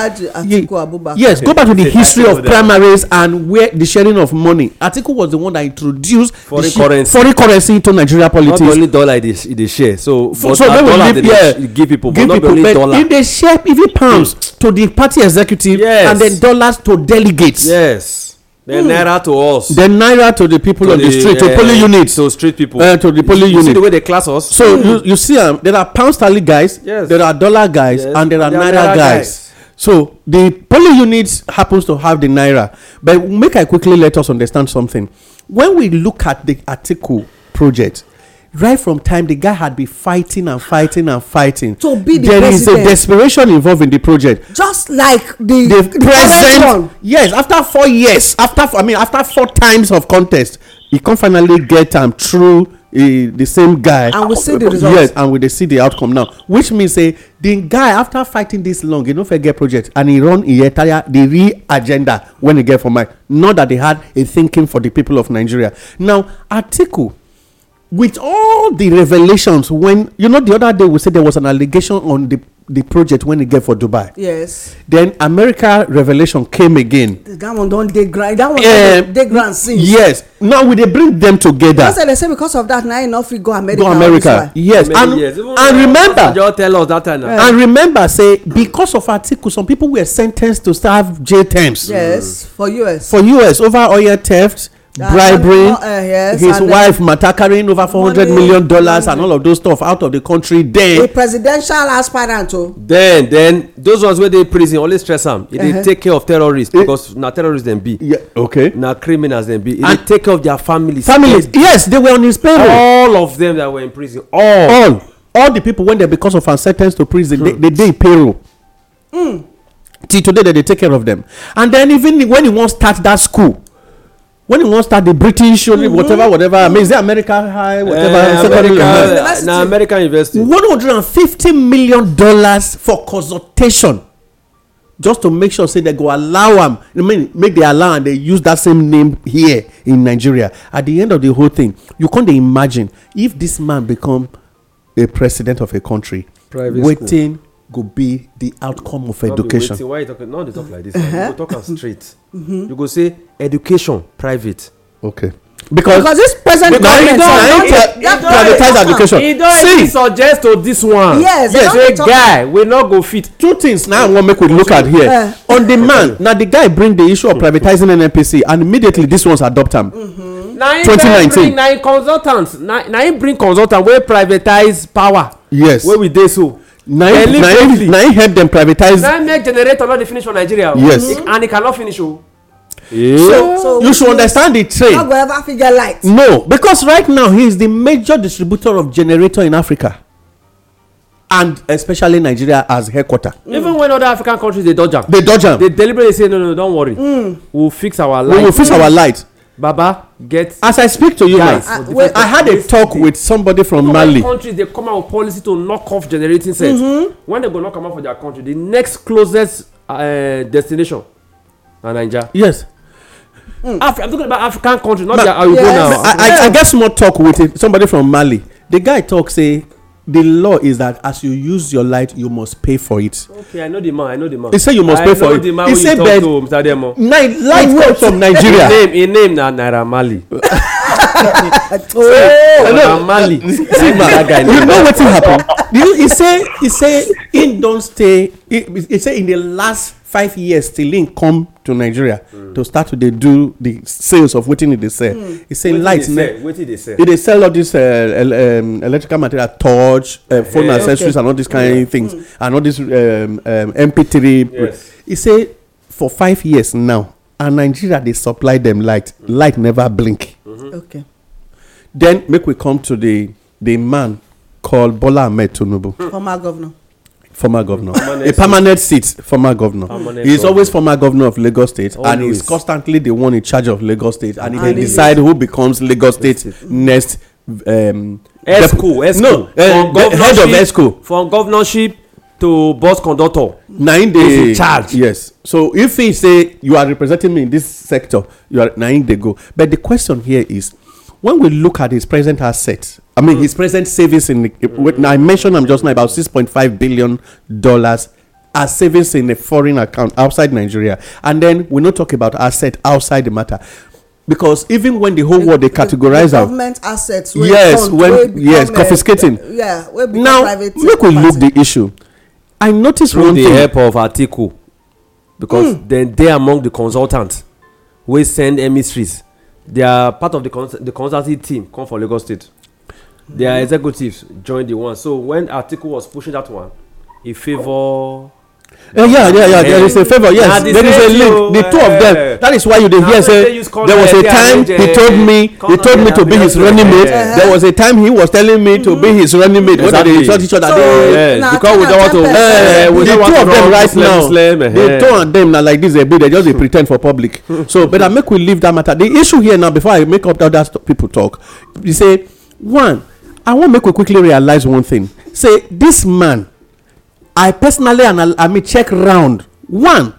yes go back to the history of primaries and where the sharing of money Atiku was the one that introduced foreign currency foreign currency into Nigeria politics not only dollar they, they share so for so when we leave yeah give people give but not people, only dollar if they share even pounds hmm. to the party executive yes. and then dollars to delegates yes They're mm. nearer to us. They're naira to the people to on the, the street, uh, to police units. To street people. Uh, to the polling units. See the way they class us. So mm. you, hmm. you see, um, there are pound sterling guys, yes. there are dollar guys, yes. and there are, there naira, naira guys. guys. So the polling units happens to have the naira. But make I quickly let us understand something. When we look at the article project, right from time the guy had been fighting and fighting and fighting. to be the there president there is a desperation involved in the project. just like the the present one. yes after four years after i mean after four times of contest he come finally get am um, through uh, the same guy. and we see the result yes and we dey see the outcome now which means say eh, the guy after fighting this long he no fit get project and he run the entire the real agenda when he get for mind not that he had a thinking for the people of nigeria now article with all the revelations when you know the other day we said there was an allegation on the the project when it get for dubai yes then america revelation came again that one don't dey grind that one um, dey grind since yes now will they bring them together because they say because of that now enough we go america go america yes and and, remember just tell us that time yeah. and remember say because of article some people were sentenced to serve jail terms yes mm. for us for us over oil theft Ah, bribery uh, yes, his eh, wife matter carrying over four hundred million dollars and all of those stuff out of the country then. a presidential aspirant o. Oh. then then those ones wey dey prison always stress am e dey take care of terrorists eh? because na terrorists dem be. okay na criminals dem be e dey take care of their families. families yes they were on his payroll. all of them that were in prison all. all all the people when they because of am sentenced to prison hmm. they dey payroll. Mm. till today they dey take care of them and then even when he wan start that school when you wan start the british only mm -hmm. whatever whatever i mean is it america high eh, whatever uh, secondary eh, university na american university one hundred and fifty million dollars for consultation just to make sure say they go allow am i mean make they allow am they use that same name here in nigeria at the end of the whole thing you come dey imagine if this man become a president of a country Private wetin go be the outcome of education be why you talk no dey talk like this uh-huh. you go talk am straight mm-hmm. you go say education private okay. because because this present government don don privatize education see e don suggest to this one yes say guy we no go fit two things Now i wan make we look at here on uh-huh. demand na the guy bring the issue of mm-hmm. privatizing nnpc and immediately this ones adopt am 2019 na him bring consultant na him bring consultant wey privatize power yes wey we dey so na him na him help dem privatize. na make generator no dey finish for nigeria. yes and e cannot finish o. Yeah. So, you should understand the trade. Not wherever figure light. No, because right now he is the major distributor of generator in Africa, and especially Nigeria as headquarter. Mm. Even when other African countries they dodge them. They dodge them. They deliberately say no, no, don't worry. Mm. We'll fix our light. We will fix mm. our light baba get. as i speak to you now i, I had a talk with somebody from mali. countries they come out with policy to knock off generating sets. Mm -hmm. when they go knock am out for their country the next closest uh, destination na yes. Mm. Af i'm talking about african country not Ma their oyibo yes. now. I, I, i get small talk with somebody from mali the guy talks say the law is that as you use your light you must pay for it. okay i know the man i know the man. he say you must I pay for it he say but my light from nigeria. him name him name na naira marley. oh naira marley see ma that guy. you know wetin happen he say he say he don stay he, he say in the last five years till im come to nigeria hmm. to start to dey do the sales of wetin e dey sell e say light e dey sell all this uh, um, electrical material torch uh, eh, phone eh, accessories and all these kind things hmm. and all this mp3 um, um, Yes, e say for five years now and nigeria dey supply dem light light never blink mm-hmm. okay then make we come to the the man called bola ahmed tinubu former governor former governor, a permanent seat, former governor. Permanent is governor. always former governor of Lagos State, always. and is constantly the one in charge of Lagos State, and he can decide who becomes Lagos State next. Um, ESCO, ESCO, no, uh, head of ESCO from governorship to bus conductor. na him dey charge. yes so if he say you are representing me in this sector you are na him dey go but the question here is when we look at his present assets, I mean his present savings in the, I mentioned I'm just now about 6.5 billion dollars as savings in a foreign account outside Nigeria, and then we not talk about asset outside the matter. Because even when the whole world they categorize the government our, assets, yes, fund, when yes, confiscating, a, yeah, now private look we look the issue. I noticed Through one the thing. help of Article, because mm. then they among the consultants, we send emissaries they are part of the cons the consultancy team come from Lagos State. Their executives Join the one. So when article was pushing that one, he favour Uh, yeah, yeah, yeah. There is a favor. Yes, there is a link. The two of them. That is why you did hear say there was a time he told me he told me to be his running mate. There was a time he was telling me to be mm-hmm. his running mate. What they told each other dey because we don't want to. Eh, the two of them right now. The two of them na like this ebi they just dey pre for public. So better make we leave that matter. The issue here now before I make up that other people talk. You say one, I want make we quickly realize one thing. Say this man i personally and i mean check round one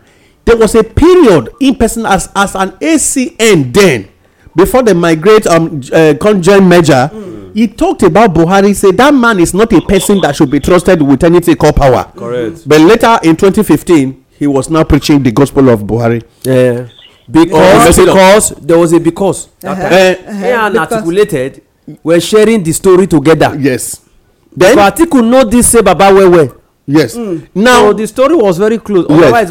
there was a period in person as as an acn then before the migrate um uh, conjoint merger mm. he talked about buhari Said that man is not a person that should be trusted with anything called power correct but later in 2015 he was now preaching the gospel of buhari yeah because yeah. because there was a because uh -huh. uh, uh -huh. and uh-huh. articulated were sharing the story together yes then so atiku know this say baba well well yes mm. now so the story was very close otherwise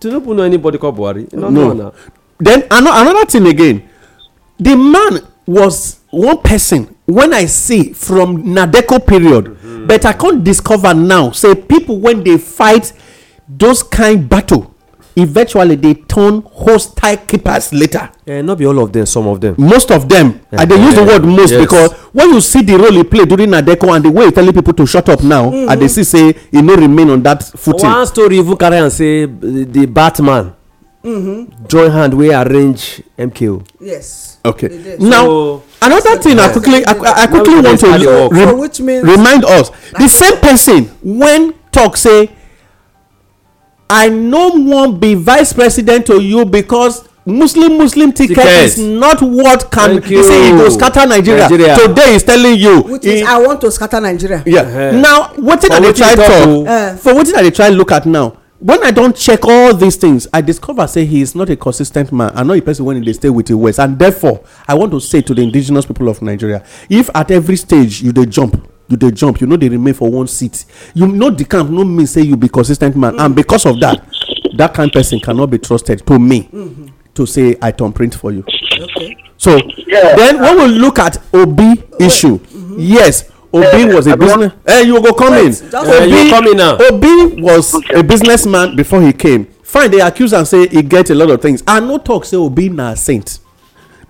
tinubu know anybody called buhari no then another thing again the man was one person when i see from Nadeko period mm-hmm. but i con discover now say people when they fight those kind battle eventually they turn hostile keepers later. Uh, not be all of them some of them. most of them uh, i dey use the eh, word most yes. because when you see the role he play during Adeko and the way he telling people to shut up now mm -hmm. i dey see say he no remain on that footing. one story even carry am say eh, the batman mm -hmm. join hand wey arrange mko. yes okay now so, another thing i quickly i, I quickly want to re, remind us the same person when talk say i no wan be vice president to you because muslim muslim ticket, ticket. is not what can Thank you see e go scatter nigeria. nigeria today is telling you. which is i want to scatter nigeria. yeah uh-huh. now wetin i dey try talk uh. for wetin i dey try look at now when i don check all these things i discover say he is not a consistent man I know a person wey dey stay with the west and therefore i want to say to the indigenous people of nigeria if at every stage you dey jump you dey jump you no dey remain for one seat you know the camp no mean say you be consistent man and because of that that kind person cannot be trusted to me to say i turn print for you Okay. so then when we look at obi issue mm-hmm. yes obi was a business eh you go come in obi was a businessman before he came fine They accuse am say he get a lot of things i no talk say obi na saint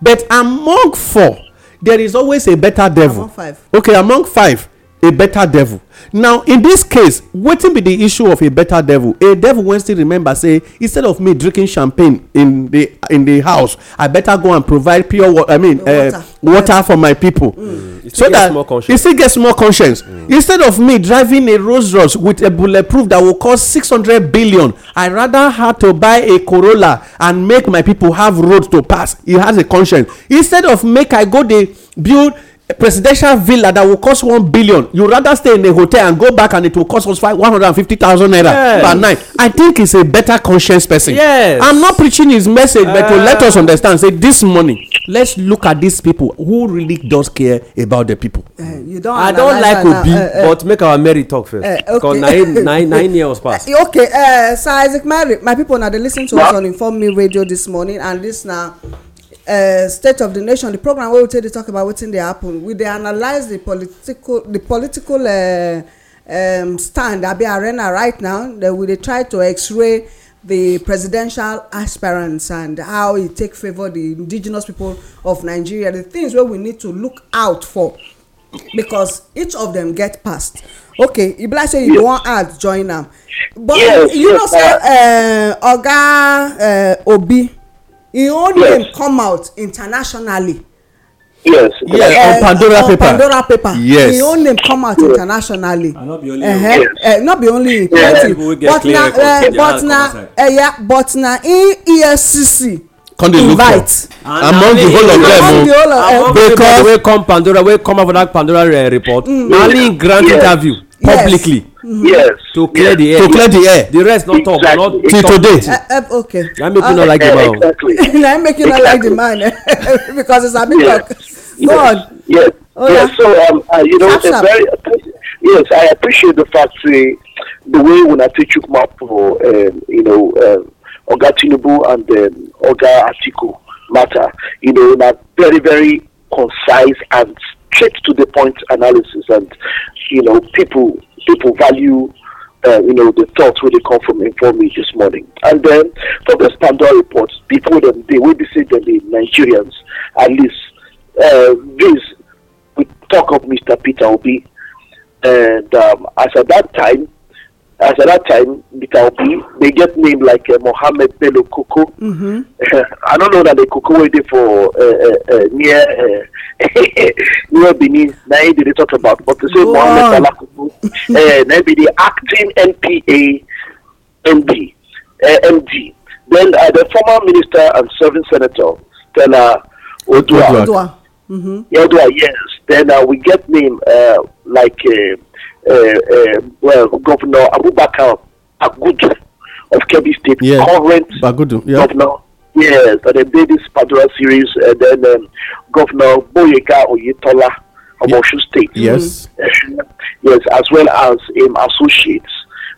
but among four there is always a better devil among five okay among five a better devil now in this case wetin be the issue of a better devil a devil wen still remember say instead of me drinking champagne in the in the house i better go and provide pure water i mean eh, water for my people. Mm so that he still gets more conscience mm. instead of me driving a rolls royce with a bulletproof that will cost six hundred billion i rather had to buy a corolla and make my people have road to pass he has a conscience instead of make i go dey build a presidential villa that will cost one billion you rather stay in a hotel and go back and it will cost us five one hundred and fifty thousand naira yes. per night i think he's a better conscience person yes i'm not preaching his message uh, but to let ah. us understand say this money let's look at these people who really does care about the people. Uh, you don't I don't like Obi, uh, uh, but make our Mary talk first. Because uh, okay. nine, nine, nine years past. okay, uh, Sir Isaac Mary, my people now they listen to us on Inform Me Radio this morning, and this now. Uh, state of the nation the program wey we take dey talk about wetin dey happen we dey analyse the political the political uh, um, stand abi arena right now then we dey try to x-ray the presidential aspirants and how e take favour the indigenous people of nigeria the things wey we need to look out for because each of them get passed okay e be like say you yes. wan add join am but yes, you know say uh, uh, oga uh, obi im own yes. name come out internationally yes yes uh, on pandora paper pandora paper yes the own name come out internationally not be only uh-huh. yes. uh, not be only in country but na uh, but na uh, yeah, but na in efcc come dey look for among oh. the whole of them o because wey come pandora wey come out for that pandora report na mm. only in grand interview publicly mm-hmm. yes to clear the air to clear the air the rest not talk not till today uh, uh, okay I'm making you no like the man o na make you no like the man because it's a big talk go on yes oh, yes so um, uh, you know it's very yes i appreciate the fact say the way una take chook mouth for um, you know um, oga tinubu and um, oga atiku matter you know na very very concise and straight to the point analysis, and you know, people people value uh, you know, the thoughts where they come from inform me this morning. And then for the standard reports, people them, they will be saying that the Nigerians, at least, uh, this, we talk of Mr. Peter Obi. And um, as at that time, as at that time, Bitaobi, they get named like uh, Mohammed Bello Koko. Mm-hmm. Uh, I don't know that they Koko waiting for uh, uh, uh near uh, near Benin. Now they talk about, but to say Go Mohammed Salah Koko, uh, the acting NPA MD, MD. Then the former minister and serving senator, Tella Odua. Odua. Mm-hmm. Odua, yes. Then we get name like. Uh, uh, well, Governor Abubakar Agudu of Kebbi State, yeah. current Bagudu, yeah. Governor. Yes, and then did this particular series, and then um, Governor Boyega Oyetola of yeah. Osun State. Yes. Uh, yes, as well as um, associates.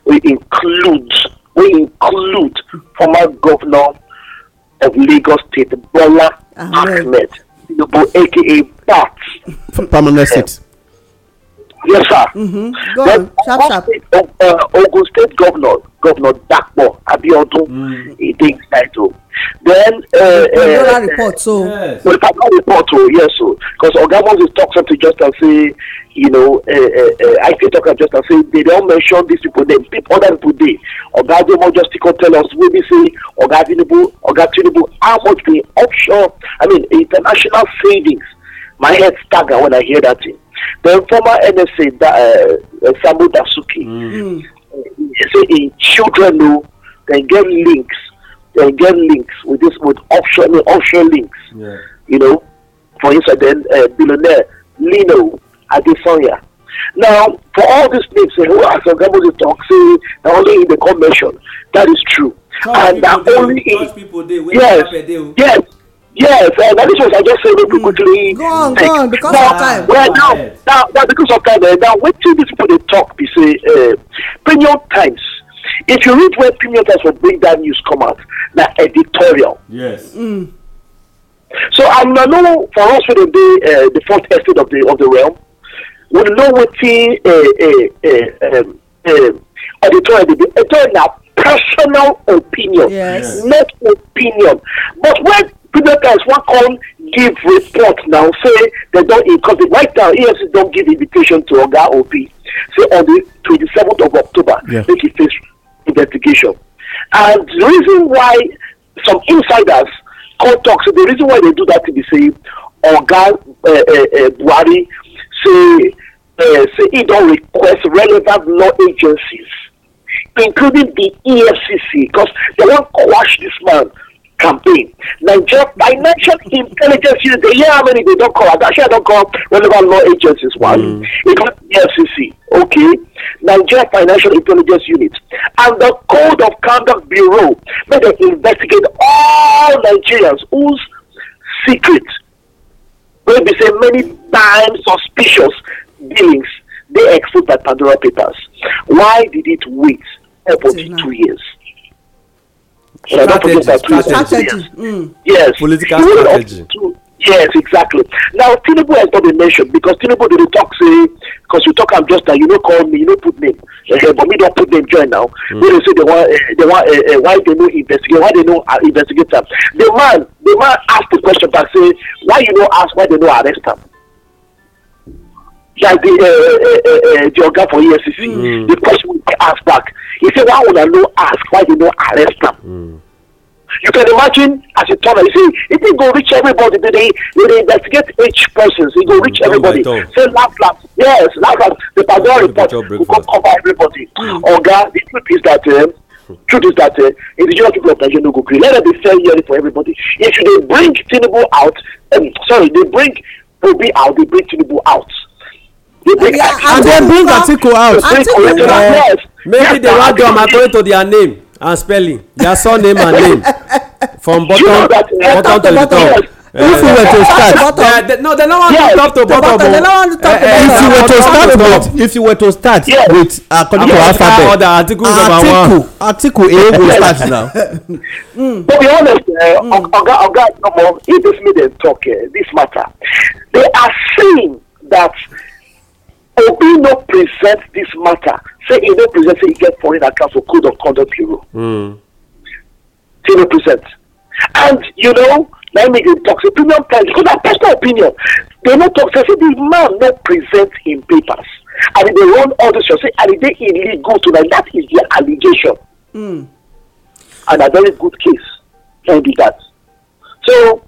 We include we include former governor of Lagos State, Bola Ahmed, Tinubu, aka Bat. Permanent uh, seat yes sir. Mm-hmm. go then, on sharp sharp. Uh, uh, state governor governor dapo abiodun mm. he dey title then. Uh, uh, report so. Yes. No, report o oh, yes o oh. because oga moses talk something just as say you know uh, uh, uh, i fit talk am just as say they don mention these people dem people other people dey oga adeomo just come tell us wey be say oga tinubu oga tinubu how much be offshore i mean international savings my head stagger when i hear that thing Then former NSA da, uh, eh, eh, Samu Dasuki mm. mm. say in children who oh, then get links, then get links with this with optional offshore links. Yeah. You know, for instance, then uh, billionaire Lino Adesanya. Now, for all these names, who are some people they talk say that only in the convention. That is true, Some and that only in yes, oh. yes. Yes, uh, that is what I just said very quickly. Hmm. Go on, go on, because now, of time. Well, now, now, now, because of time, uh, now, wait till these people they talk, they say, uh, premium times. If you read where premium times will bring that news come out, that editorial. Yes. Mm. So I know for us within the uh, the fourth estate of the of the realm, we know waiting uh, eh, uh, uh, um, uh, editorial. editorial now personal opinion, yes. not opinion. But when previous times wan come give report now say dem don the right now efcc don give invitation to oga obi say on the twenty-seventh of october yeah. make e face investigation and the reason why some insiders come talk say the reason why they do that thing be say oga uh, uh, uh, buhari say uh, say he don request relevant law agencies including the efcc because they wan quash this man campaign. Nigeria Financial Intelligence Unit, they hear how many they don't call. Actually, I don't call relevant law agencies one. Mm. It got the FCC, okay? Nigeria Financial Intelligence Unit and the Code of Conduct Bureau, may they investigate all Nigerians whose secret, maybe say many times suspicious dealings they exposed by Pandora Papers. Why did it wait? two years? Should strategy, I not strategy. Mm. Yes. Political you strategy. yes, exactly. Now, Tinubu has not been mentioned because Tinubu didn't talk, say, because you talk, I'm just that uh, you know, call me, you know, put name. Okay, uh, but me don't put name join now. Mm. they say they want, uh, they want uh, uh, why they know investigate, why they know uh, investigate them. The man, the man asked the question back, say, why you know ask, why they know arrest them? like the uh, uh, eh, uh, eh, the eh, oga for efcc mm. the question wey ask back he say why una no ask why you no arrest am. Mm. You can imagine as a turner, you see, if will go reach everybody. They, they, they investigate each person, it go mm. reach mm, everybody. Say, laugh, laugh. Yes, laugh, laugh. The Pandora report we go cover everybody. Mm. Oga, the truth is that uh, truth is that uh, indigenous people of Nigeria no go gree. Let there be fair hearing for everybody. If they bring Tinubu out, um, sorry, they bring Obi out, they bring Tinubu out and dem bring atiku out maybe dem wan do am according to their name and spelling their surname and name from bottom bottom to the top if you were to start no dem no wan do top to bottom o if you were to start with uh, according to alphabet Article. Article. a go start now. Mm. to be honest eh, mm. oga oga if dis make dem talk dis eh, matter they are saying that obi no present this matter say e no present say e get foreign account for code of conduct bureau mm. say no present and you know na me dey talk say premium price because na personal opinion dem no talk say say the man no present him papers and e dey run all this show say and e dey illegal tonight that is their allegation mm. and na very good case na be that so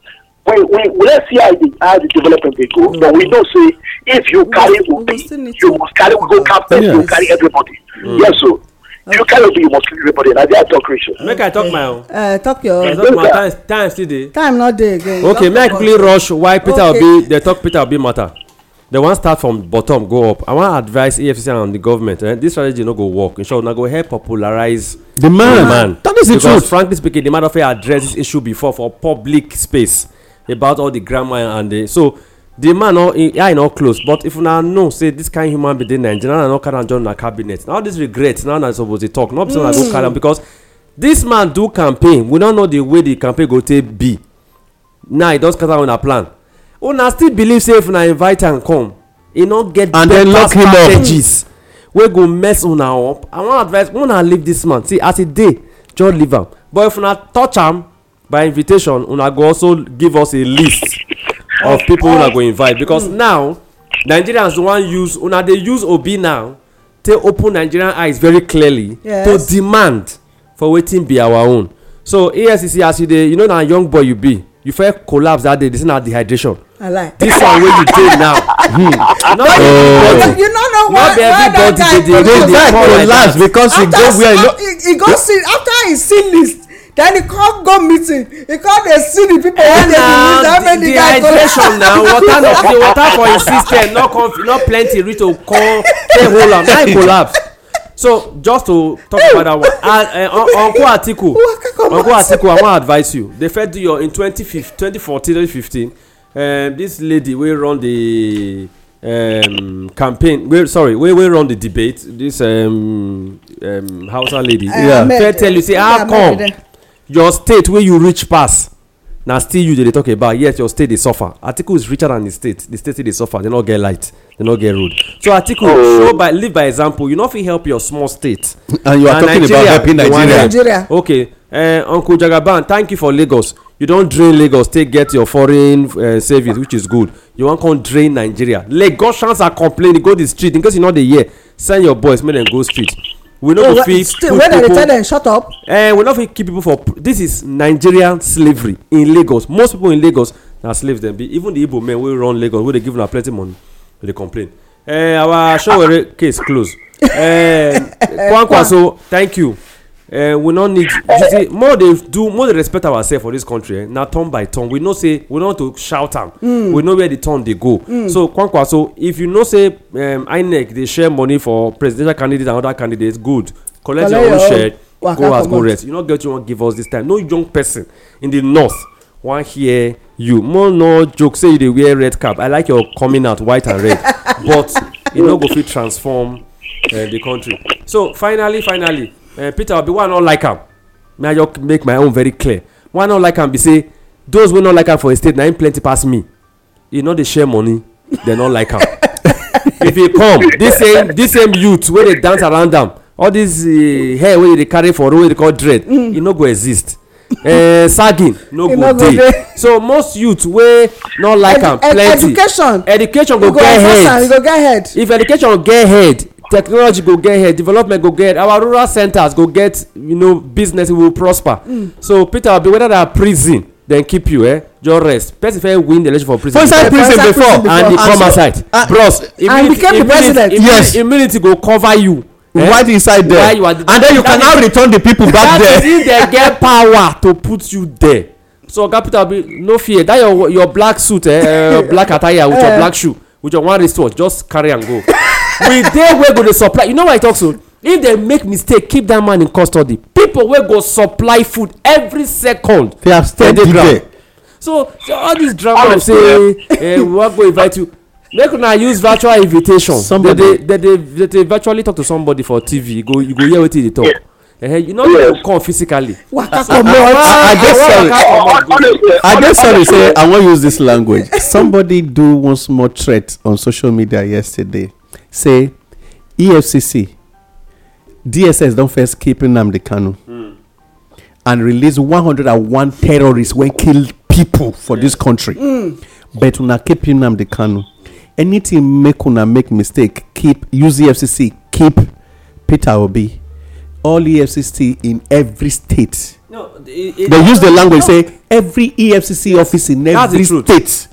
we, we, we let's see how the, how the development will go. Mm. But we know, say, if you mm. carry Ubi, you must carry Ugo Captain, yes. you carry everybody. Mm. Yes, so. Okay. You cannot be must kill everybody na there I talk reach. Make I talk my own. Uh, talk your own. Talk time time still dey. Time no dey again. Okay make I quickly rush why Peter okay. Obi dey talk Peter Obi matter. They wan start from bottom go up. I wan advise EFCC and the government eh, this strategy no go work. In short, na go help popularize the man. The man. That is the truth. Because frankly speaking, the man don fit address this issue before for public space about all the grammar and the so the man no eye no close but if una know say this kind human being dey nigeria na no carry am join una cabinet now this regret now na suppose dey talk no be say una go mm. carry am because this man do campaign we no know the way the campaign go take be now he don scatter una plan una still believe say if una invite am come e no get better strategies wey go mess una up i wan advise una leave this man see as e dey just leave am but if una touch am by invitation una go also give us a list of people una go invite because now nigerians wan use una dey use obi now take open nigerian eyes very clearly to demand for wetin be our own so efcc as you dey you know na young boy you be you fit collapse that day this na dehydration this one wey you dey now hmm, not everybody not be everybody dey dey dey dey collapse because e go where e go see after He see list then he come go meeting he come dey see the people wey dey release how many guys go dehydration na water no the water for him system no come no plenty reach to come take hold am Now him collapse so just to talk about that one uh, uh, uncle atiku uncle atiku i wan advise you dey first do in 2014 2015 um, this lady wey run the um, campaign wey sorry wey wey run the debate this um, um, hausa lady yeah. fair tell you say how come your state wey you reach pass na still you dey talk about yes your state dey suffer atiku is richer than the state the state still dey suffer they no get light they no get road so atiku oh. show by live by example you no fit help your small state and you are talking about helping nigeria okay eh, uncle jagaban thank you for lagos you don drain lagos take get your foreign eh, savings which is good you wan come drain nigeria lagosians are complaining go the street in case you no dey hear send your boys make dem go street we no go oh, fit put people when dem tell dem shut up eh we no fit keep people for this is nigerian slavery in lagos most people in lagos na slaves dem be even the igbo men wey run lagos wey dey give una plenty money dey complain eh our showere case close eh, eh kwankwaso thank you uh, we no need you see more dey do more dey respect ourselves for this country eh, na turn by turn we know say we no to shout am mm. we know where the turn dey go mm. so kwankwaso if you know say um, inec dey share money for presidential candidates and other candidates good collect, your own share go as go rest you no get you wan give us this time no young person in the north wan hear you more no joke say you dey wear red cap i like your coming out white and red but e no go fit transform uh, the country so finally finally Eh, peter obi why i not like am may i just make my own very clear why i not like am be say those wey no like am for a state na him plenty pass me e no dey share money dem no like am if he come this same this same youth wey dey dance around am all this uh, hair wey e dey carry for road wey dey call dread mm. e no go exist uh, sagging no go dey so most youth wey no like am plenty education education go get head if education get head technology go get here development go get our rural centers go get you know business will prosper mm. so peter obi whether na prison dem keep you eh just rest person fit win the election for prison for inside prison before and e come outside uh, bros immunity go cover you eh right inside there and then you can now return the people back there that is if dem get power to put you there so oga peter obi no fear that your your black suit eh uh, black attire with your eh. black shoe with your one wristwatch just carry am go we dey wey go dey supply you know why i talk so if dem make mistake keep dat man in custody pipo wey go supply food every second have steady ground so all dis drama of say eh, we wan go invite you make una use virtual invitation somebody dey dey dey virtually talk to somebody for tv go you go hear wetin e dey talk eh, eh, you no go come physically waka ah, comot ah, ah, i dey sorry say i wan use this language somebody do one small threat on social media yesterday say efcc dss don't first keep nnamdi kanu hmm. and release 101 terrorists when kill people for this country hmm. Hmm. but una keep nnamdi kanu anything make una make mistake keep use efcc keep peter obi all efcc in every state No, they use the language say every efcc office in every state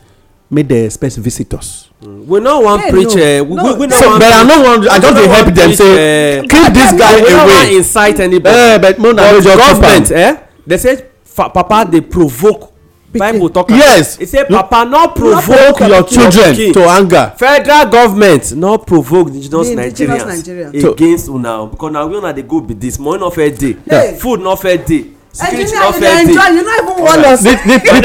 made dem special visitors Mm. we no wan preach uh, we, no. we, we no so, wan but preach. i no wan i just dey help them say uh, keep this guy away we no wan incite anybody uh, but no na government eh dey say papa dey provoke bible talk about yes he say papa no provoke your children to anger federal government no provoke indigenous nigerians against una because na where una dey go be this money no fair dey food no fair dey security no thing you no even warn us. then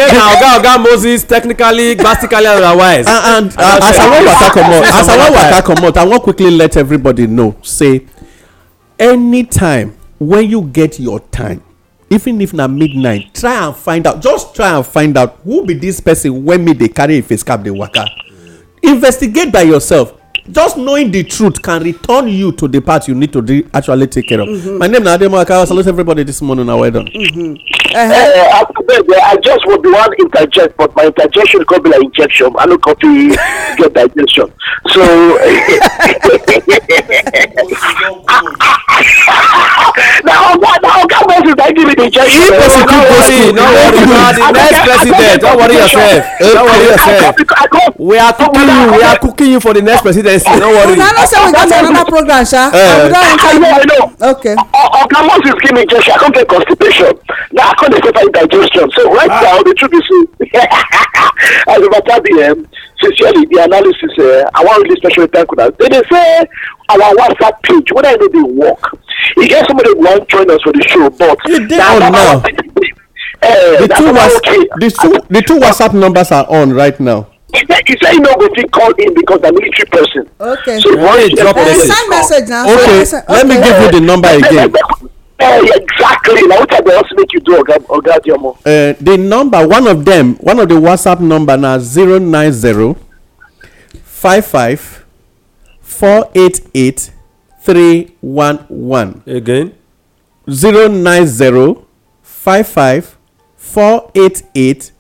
na oga oga moses technically basically, and otherwise. and and uh, as i wan waka comot as i wan waka comot i wan quickly let everybody know say anytime when you get your time even if na midnight try and find out just try and find out who be this person wey me dey carry a face cap dey waka investigate by yourself just knowing the truth can return you to the path you need to de- actually take care of. Mm-hmm. My name is Ademaka. I salute everybody this morning. Well done. Mm-hmm. Uh-huh. Uh, I just would want to interject, but my interjection could be like injection. I don't copy your digestion. So. now, is that give if person keep posting no worry you are the next president don't worry yourself don't worry yourself we are cooking you we are cooking you for the next presidency don't worry. una know say we get another program sha. Uh, i know i know. okay. oga moses give me injection i come get constipation na i come dey suffer indigestion so right ah. now the truth is say as a matter be um, sincerely the analysis uh, i wan really special thank una they dey say our whatsapp page whether e no dey work. You get somebody who won't join us for the show, but you did on now. Uh, the, two was, okay. the two the two WhatsApp numbers are on right now. He said, he said, you know, if he called in because I'm a military person. Okay. So why you drop message? Send uh, message now. Okay. okay. Let me give you the number again. Uh, exactly. Now, what they also make you do, Oga Diomo? Uh, eh, the number, one of them, one of the WhatsApp number now, four eight eight three one one. again. zero nine zero five five four eight eight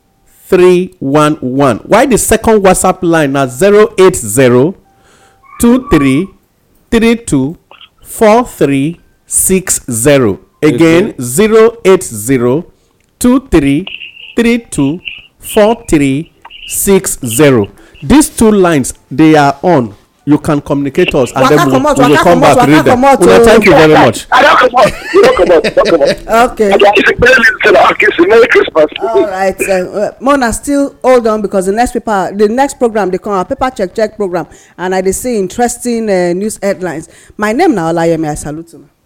three one one while the second whatsapp line na zero eight zero two three three two four three six zero again zero eight zero two three three two four three six zero these two lines they are on you can communicate us and then we will come back read them una thank you very much. okay. all right uh, mona still hold on because the next paper the next program dey come our paper check check program and i dey see interesting uh, news headlines my name na olayemi i salute una.